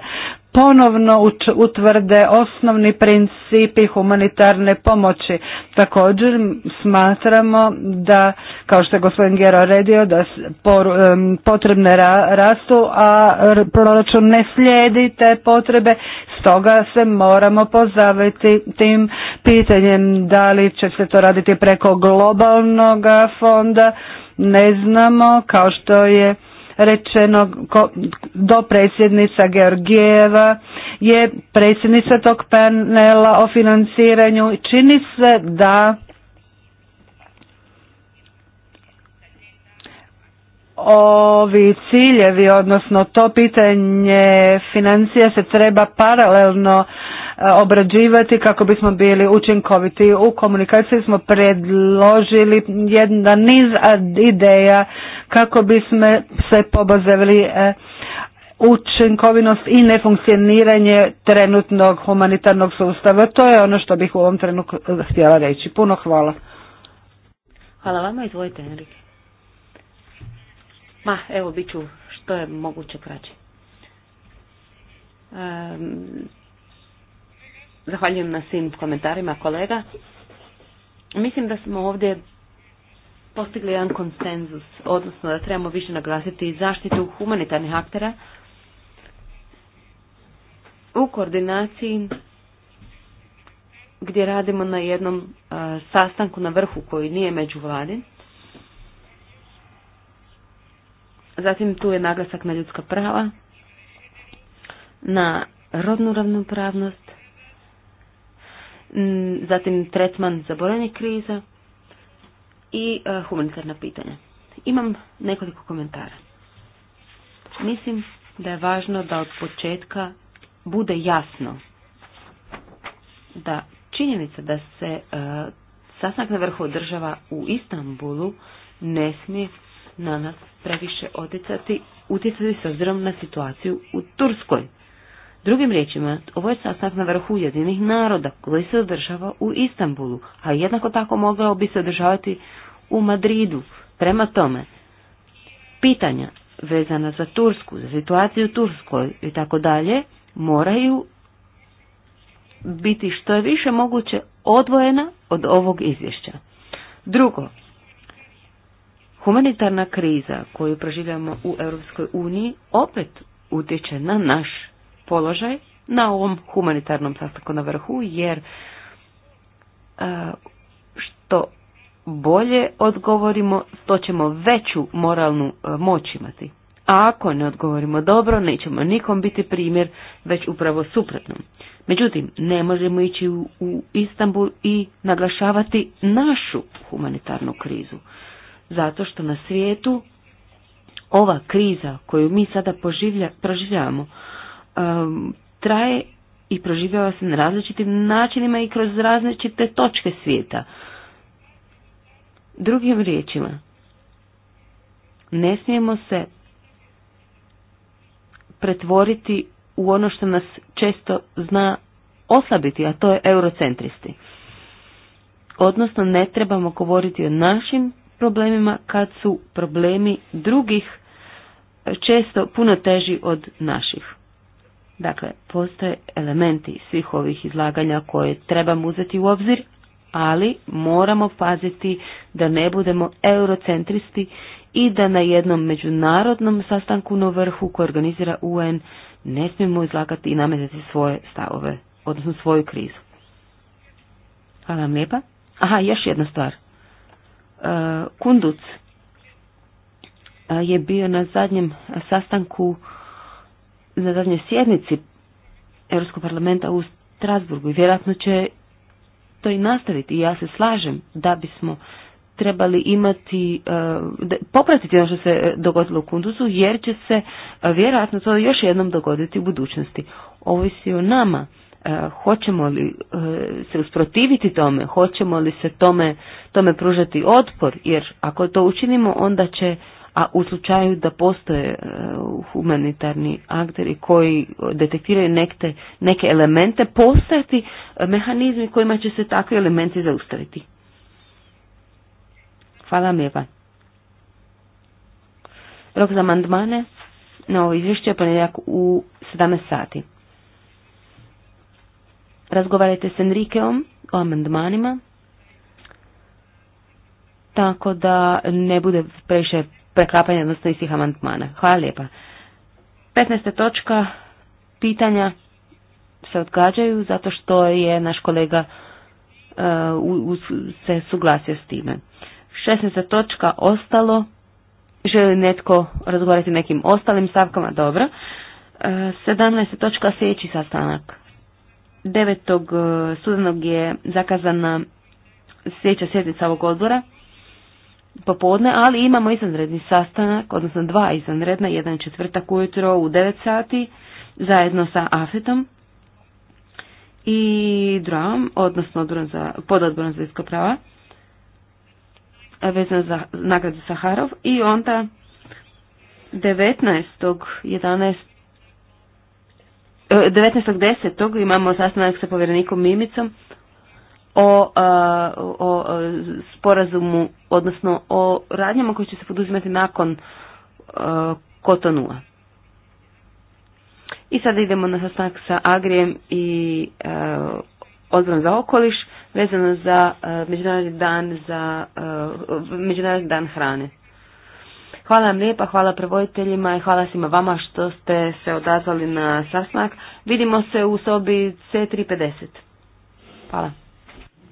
ponovno utvrde osnovni principi humanitarne pomoći. Također smatramo da, kao što je gospodin Gero redio, da potrebne rastu, a proračun ne slijedi te potrebe, stoga se moramo pozaviti tim pitanjem da li će se to raditi preko globalnog fonda, ne znamo, kao što je rečeno do predsjednica Georgijeva je predsjednica tog panela o financiranju. Čini se da ovi ciljevi, odnosno to pitanje financija se treba paralelno e, obrađivati kako bismo bili učinkoviti. U komunikaciji smo predložili jedna niz ideja kako bismo se pobozevili e, učinkovinost i nefunkcioniranje trenutnog humanitarnog sustava. To je ono što bih u ovom trenutku htjela reći. Puno hvala. Hvala vama, izvolite Enrique. Ma, evo, bit ću što je moguće praći. zahvaljujem na svim komentarima kolega. Mislim da smo ovdje postigli jedan konsenzus, odnosno da trebamo više naglasiti zaštitu humanitarnih aktera u koordinaciji gdje radimo na jednom e, sastanku na vrhu koji nije međuvladin. Zatim tu je naglasak na ljudska prava, na rodnu ravnopravnost, zatim tretman zaboravljenih kriza i e, humanitarna pitanja. Imam nekoliko komentara. Mislim da je važno da od početka bude jasno da činjenica da se e, sasnak na vrhu država u Istanbulu ne smije na nas previše oticati utjecati s obzirom na situaciju u Turskoj. Drugim riječima, ovo je sastanak na vrhu jedinih naroda koji se održava u Istanbulu, a jednako tako mogao bi se održavati u Madridu. Prema tome, pitanja vezana za Tursku, za situaciju u Turskoj i tako dalje, moraju biti što je više moguće odvojena od ovog izvješća. Drugo, Humanitarna kriza koju proživljamo u Europskoj uniji opet utječe na naš položaj na ovom humanitarnom sastanku na vrhu, jer što bolje odgovorimo, to ćemo veću moralnu moć imati. A ako ne odgovorimo dobro, nećemo nikom biti primjer, već upravo suprotno. Međutim, ne možemo ići u, u Istanbul i naglašavati našu humanitarnu krizu zato što na svijetu ova kriza koju mi sada poživlja, proživljavamo um, traje i proživljava se na različitim načinima i kroz različite točke svijeta. Drugim riječima, ne smijemo se pretvoriti u ono što nas često zna oslabiti, a to je eurocentristi. Odnosno, ne trebamo govoriti o našim problemima kad su problemi drugih e, često puno teži od naših. Dakle, postoje elementi svih ovih izlaganja koje trebamo uzeti u obzir, ali moramo paziti da ne budemo eurocentristi i da na jednom međunarodnom sastanku na vrhu koji organizira UN ne smijemo izlagati i nametati svoje stavove, odnosno svoju krizu. Hvala vam lijepa. Aha, još jedna stvar. E, Kunduc e, je bio na zadnjem sastanku, na zadnjoj sjednici Europskog parlamenta u Strasburgu i vjerojatno će to i nastaviti. I ja se slažem da bismo trebali imati, e, popratiti ono što se dogodilo u Kunduzu, jer će se vjerojatno to još jednom dogoditi u budućnosti. Ovisi o nama E, hoćemo li e, se usprotiviti tome, hoćemo li se tome, tome pružati otpor, jer ako to učinimo onda će, a u slučaju da postoje e, humanitarni akteri koji detektiraju nekte, neke elemente, postojati mehanizmi kojima će se takvi elementi zaustaviti. Hvala vam lijepa. Rok za mandmane na ovo izvješće je u 17 sati razgovarajte s Enrikeom o amandmanima, tako da ne bude previše preklapanja odnosno istih amandmana. Hvala lijepa. 15. točka pitanja se odgađaju zato što je naš kolega uh, se suglasio s time. 16. točka ostalo. Želi netko razgovarati nekim ostalim stavkama? Dobro. Uh, 17. točka sljedeći sastanak. 9. E, studenog je zakazana sljedeća sjednica ovog odbora popodne, ali imamo izvanredni sastanak, odnosno dva izvanredna, jedan četvrtak ujutro u 9 sati zajedno sa Afetom i DRAM, odnosno odborom za, pod odborom za ljudska prava, vezano za nagradu Saharov i onda 19. 11. 19.10. imamo sastanak sa povjerenikom Mimicom o, o, sporazumu, odnosno o radnjama koje će se poduzimati nakon Kotonua. I sada idemo na sastanak sa Agrijem i odborom za okoliš vezano za Međunarodni dan za Međunarodni dan hrane. Hvala vam lijepa, hvala prevojiteljima i hvala svima vama što ste se odazvali na sastanak. Vidimo se u sobi C350. Hvala.